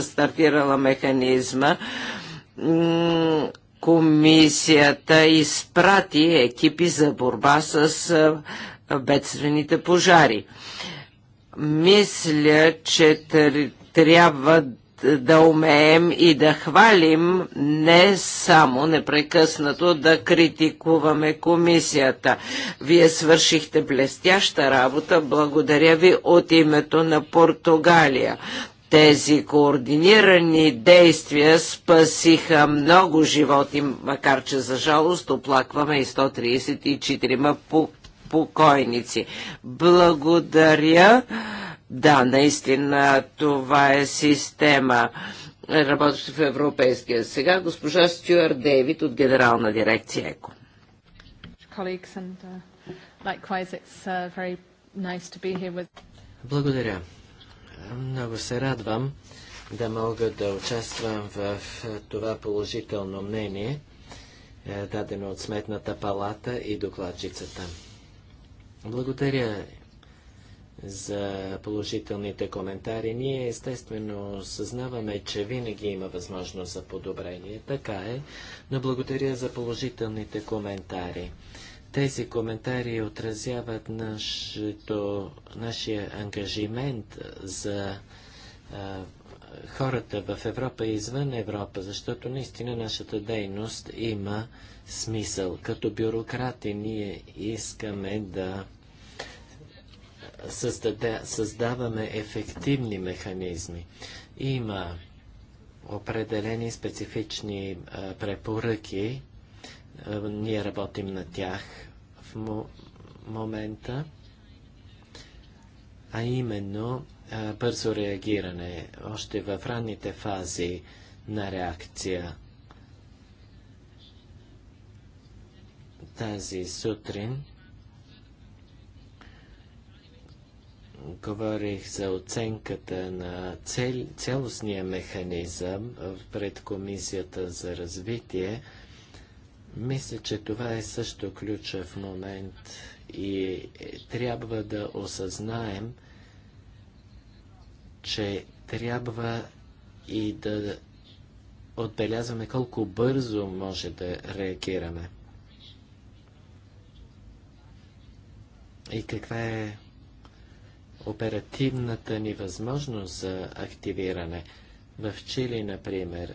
стартирала механизма, комисията изпрати екипи за борба с е, бедствените пожари. Мисля, че трябва да умеем и да хвалим, не само непрекъснато да критикуваме комисията. Вие свършихте блестяща работа, благодаря ви от името на Португалия. Тези координирани действия спасиха много животи, макар че за жалост оплакваме и 134 покойници. Благодаря. Да, наистина това е система, работеща в Европейския. Сега госпожа Стюар Дейвид от Генерална дирекция ЕКО. Uh, uh, Благодаря. Много се радвам да мога да участвам в това положително мнение, е, дадено от Сметната палата и докладчицата. Благодаря за положителните коментари. Ние естествено съзнаваме, че винаги има възможност за подобрение. Така е, но благодаря за положителните коментари. Тези коментари отразяват нашето, нашия ангажимент за а, хората в Европа и извън Европа, защото наистина нашата дейност има смисъл. Като бюрократи ние искаме да създаваме ефективни механизми. Има определени специфични а, е, препоръки. А, е, ние работим на тях в мо момента, а именно а, е, бързо реагиране, още в ранните фази на реакция. Тази сутрин говорих за оценката на цел, цялостния механизъм пред Комисията за развитие. Мисля, че това е също ключов момент и е, трябва да осъзнаем, че трябва и да отбелязваме колко бързо може да реагираме. И каква е оперативната ни възможност за активиране. В Чили, например,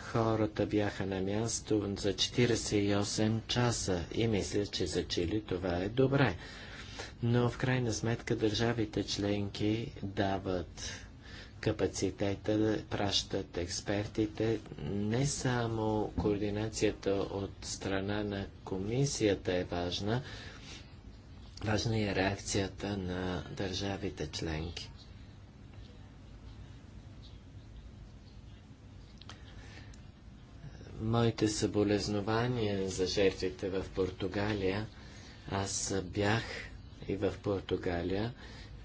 хората бяха на място за 48 часа и мисля, че за Чили това е добре. Но в крайна сметка държавите членки дават капацитета, пращат експертите. Не само координацията от страна на комисията е важна, Важна е реакцията на държавите членки. Моите съболезнования за жертвите в Португалия. Аз бях и в Португалия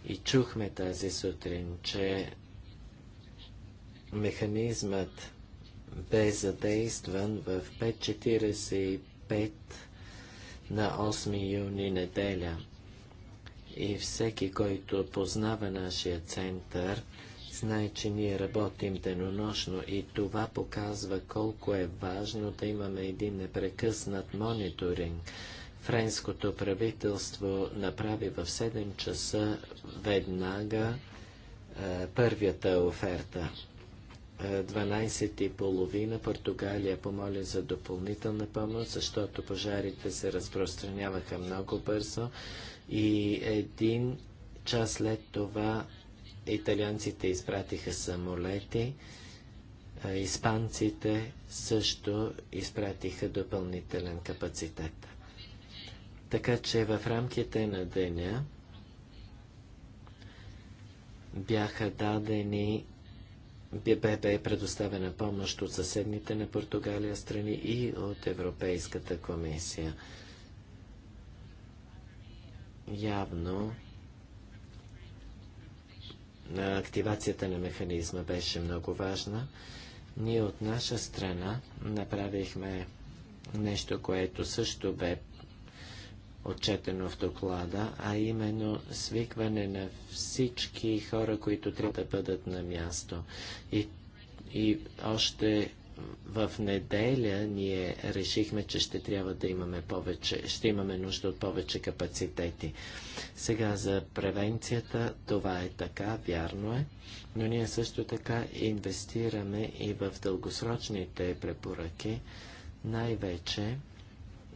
и чухме тази сутрин, че механизмът бе задействан в 5.45 на 8 юни неделя и всеки, който познава нашия център, знае, че ние работим денонощно и това показва колко е важно да имаме един непрекъснат мониторинг. Френското правителство направи в 7 часа веднага е, първията оферта. 12.30 е, Португалия помоли за допълнителна помощ, защото пожарите се разпространяваха много бързо и един час след това италианците изпратиха самолети, а испанците също изпратиха допълнителен капацитет. Така че в рамките на деня бяха дадени ББ предоставена помощ от съседните на Португалия страни и от Европейската комисия. Явно активацията на механизма беше много важна. Ние от наша страна направихме нещо, което също бе отчетено в доклада, а именно свикване на всички хора, които трябва да бъдат на място. И, и още в неделя ние решихме, че ще трябва да имаме повече, ще имаме нужда от повече капацитети. Сега за превенцията, това е така, вярно е, но ние също така инвестираме и в дългосрочните препоръки. Най-вече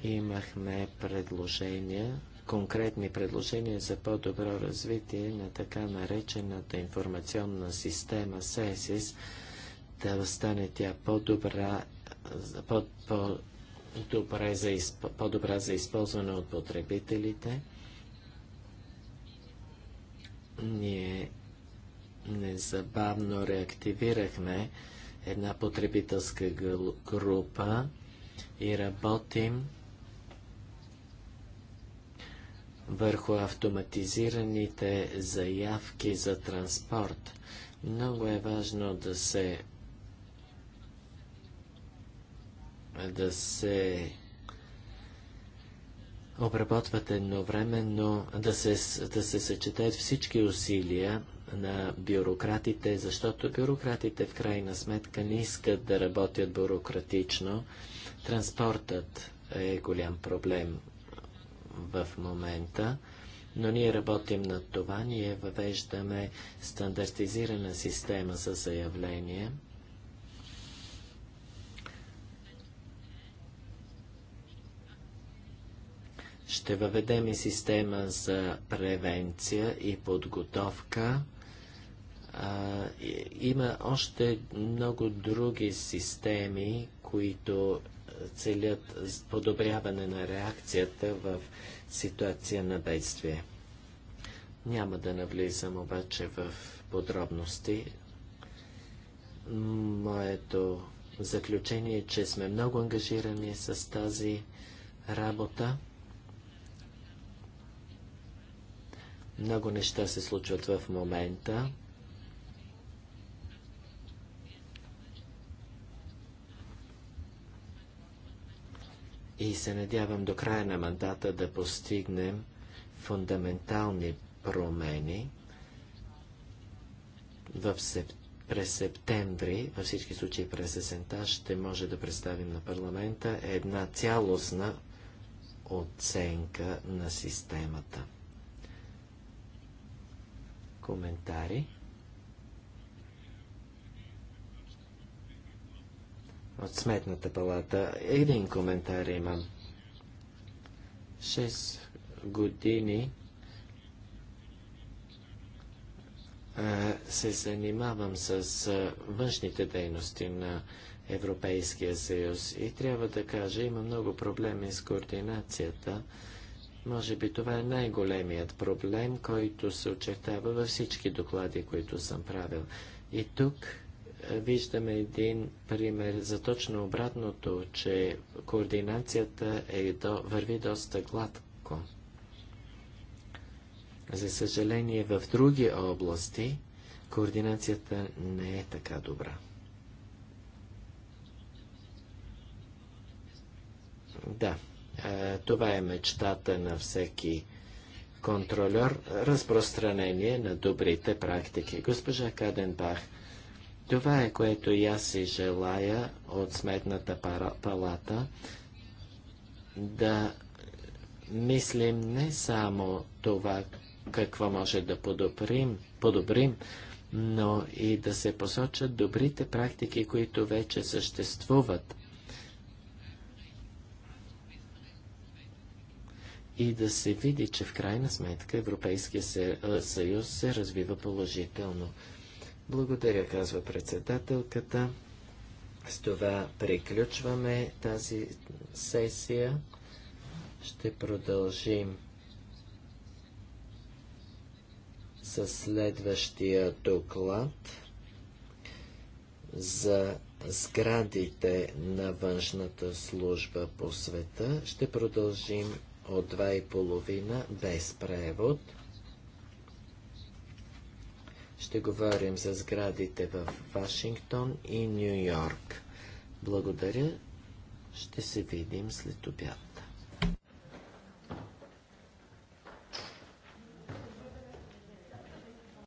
имахме предложения, конкретни предложения за по-добро развитие на така наречената информационна система СЕСИС, да стане тя по-добра, по, по, добре за, изп... по-добра за използване от потребителите. Ние незабавно реактивирахме една потребителска група и работим върху автоматизираните заявки за транспорт. Много е важно да се да се обработват едновременно, да се, да се съчетаят всички усилия на бюрократите, защото бюрократите в крайна сметка не искат да работят бюрократично. Транспортът е голям проблем в момента, но ние работим над това, ние въвеждаме стандартизирана система за заявление – Ще въведем и система за превенция и подготовка. А, има още много други системи, които целят подобряване на реакцията в ситуация на бедствие. Няма да навлизам обаче в подробности. Моето заключение е, че сме много ангажирани с тази работа. Много неща се случват в момента. И се надявам до края на мандата да постигнем фундаментални промени в септември през септември, във всички случаи през есента, ще може да представим на парламента една цялостна оценка на системата коментари. От сметната палата един коментар имам. Шест години се занимавам с външните дейности на Европейския съюз и трябва да кажа, има много проблеми с координацията може би това е най-големият проблем, който се очертава във всички доклади, които съм правил. И тук е, виждаме един пример за точно обратното, че координацията е до, върви доста гладко. За съжаление, в други области координацията не е така добра. Да. Е, това е мечтата на всеки контролер – разпространение на добрите практики. Госпожа Каденбах, това е което и аз си желая от Сметната палата да мислим не само това, какво може да подобрим, подобрим, но и да се посочат добрите практики, които вече съществуват. и да се види, че в крайна сметка Европейския съюз се развива положително. Благодаря, казва председателката. С това приключваме тази сесия. Ще продължим с следващия доклад за сградите на външната служба по света. Ще продължим от 2,5 без превод. Ще говорим за сградите в Вашингтон и Нью Йорк. Благодаря. Ще се видим след обяд.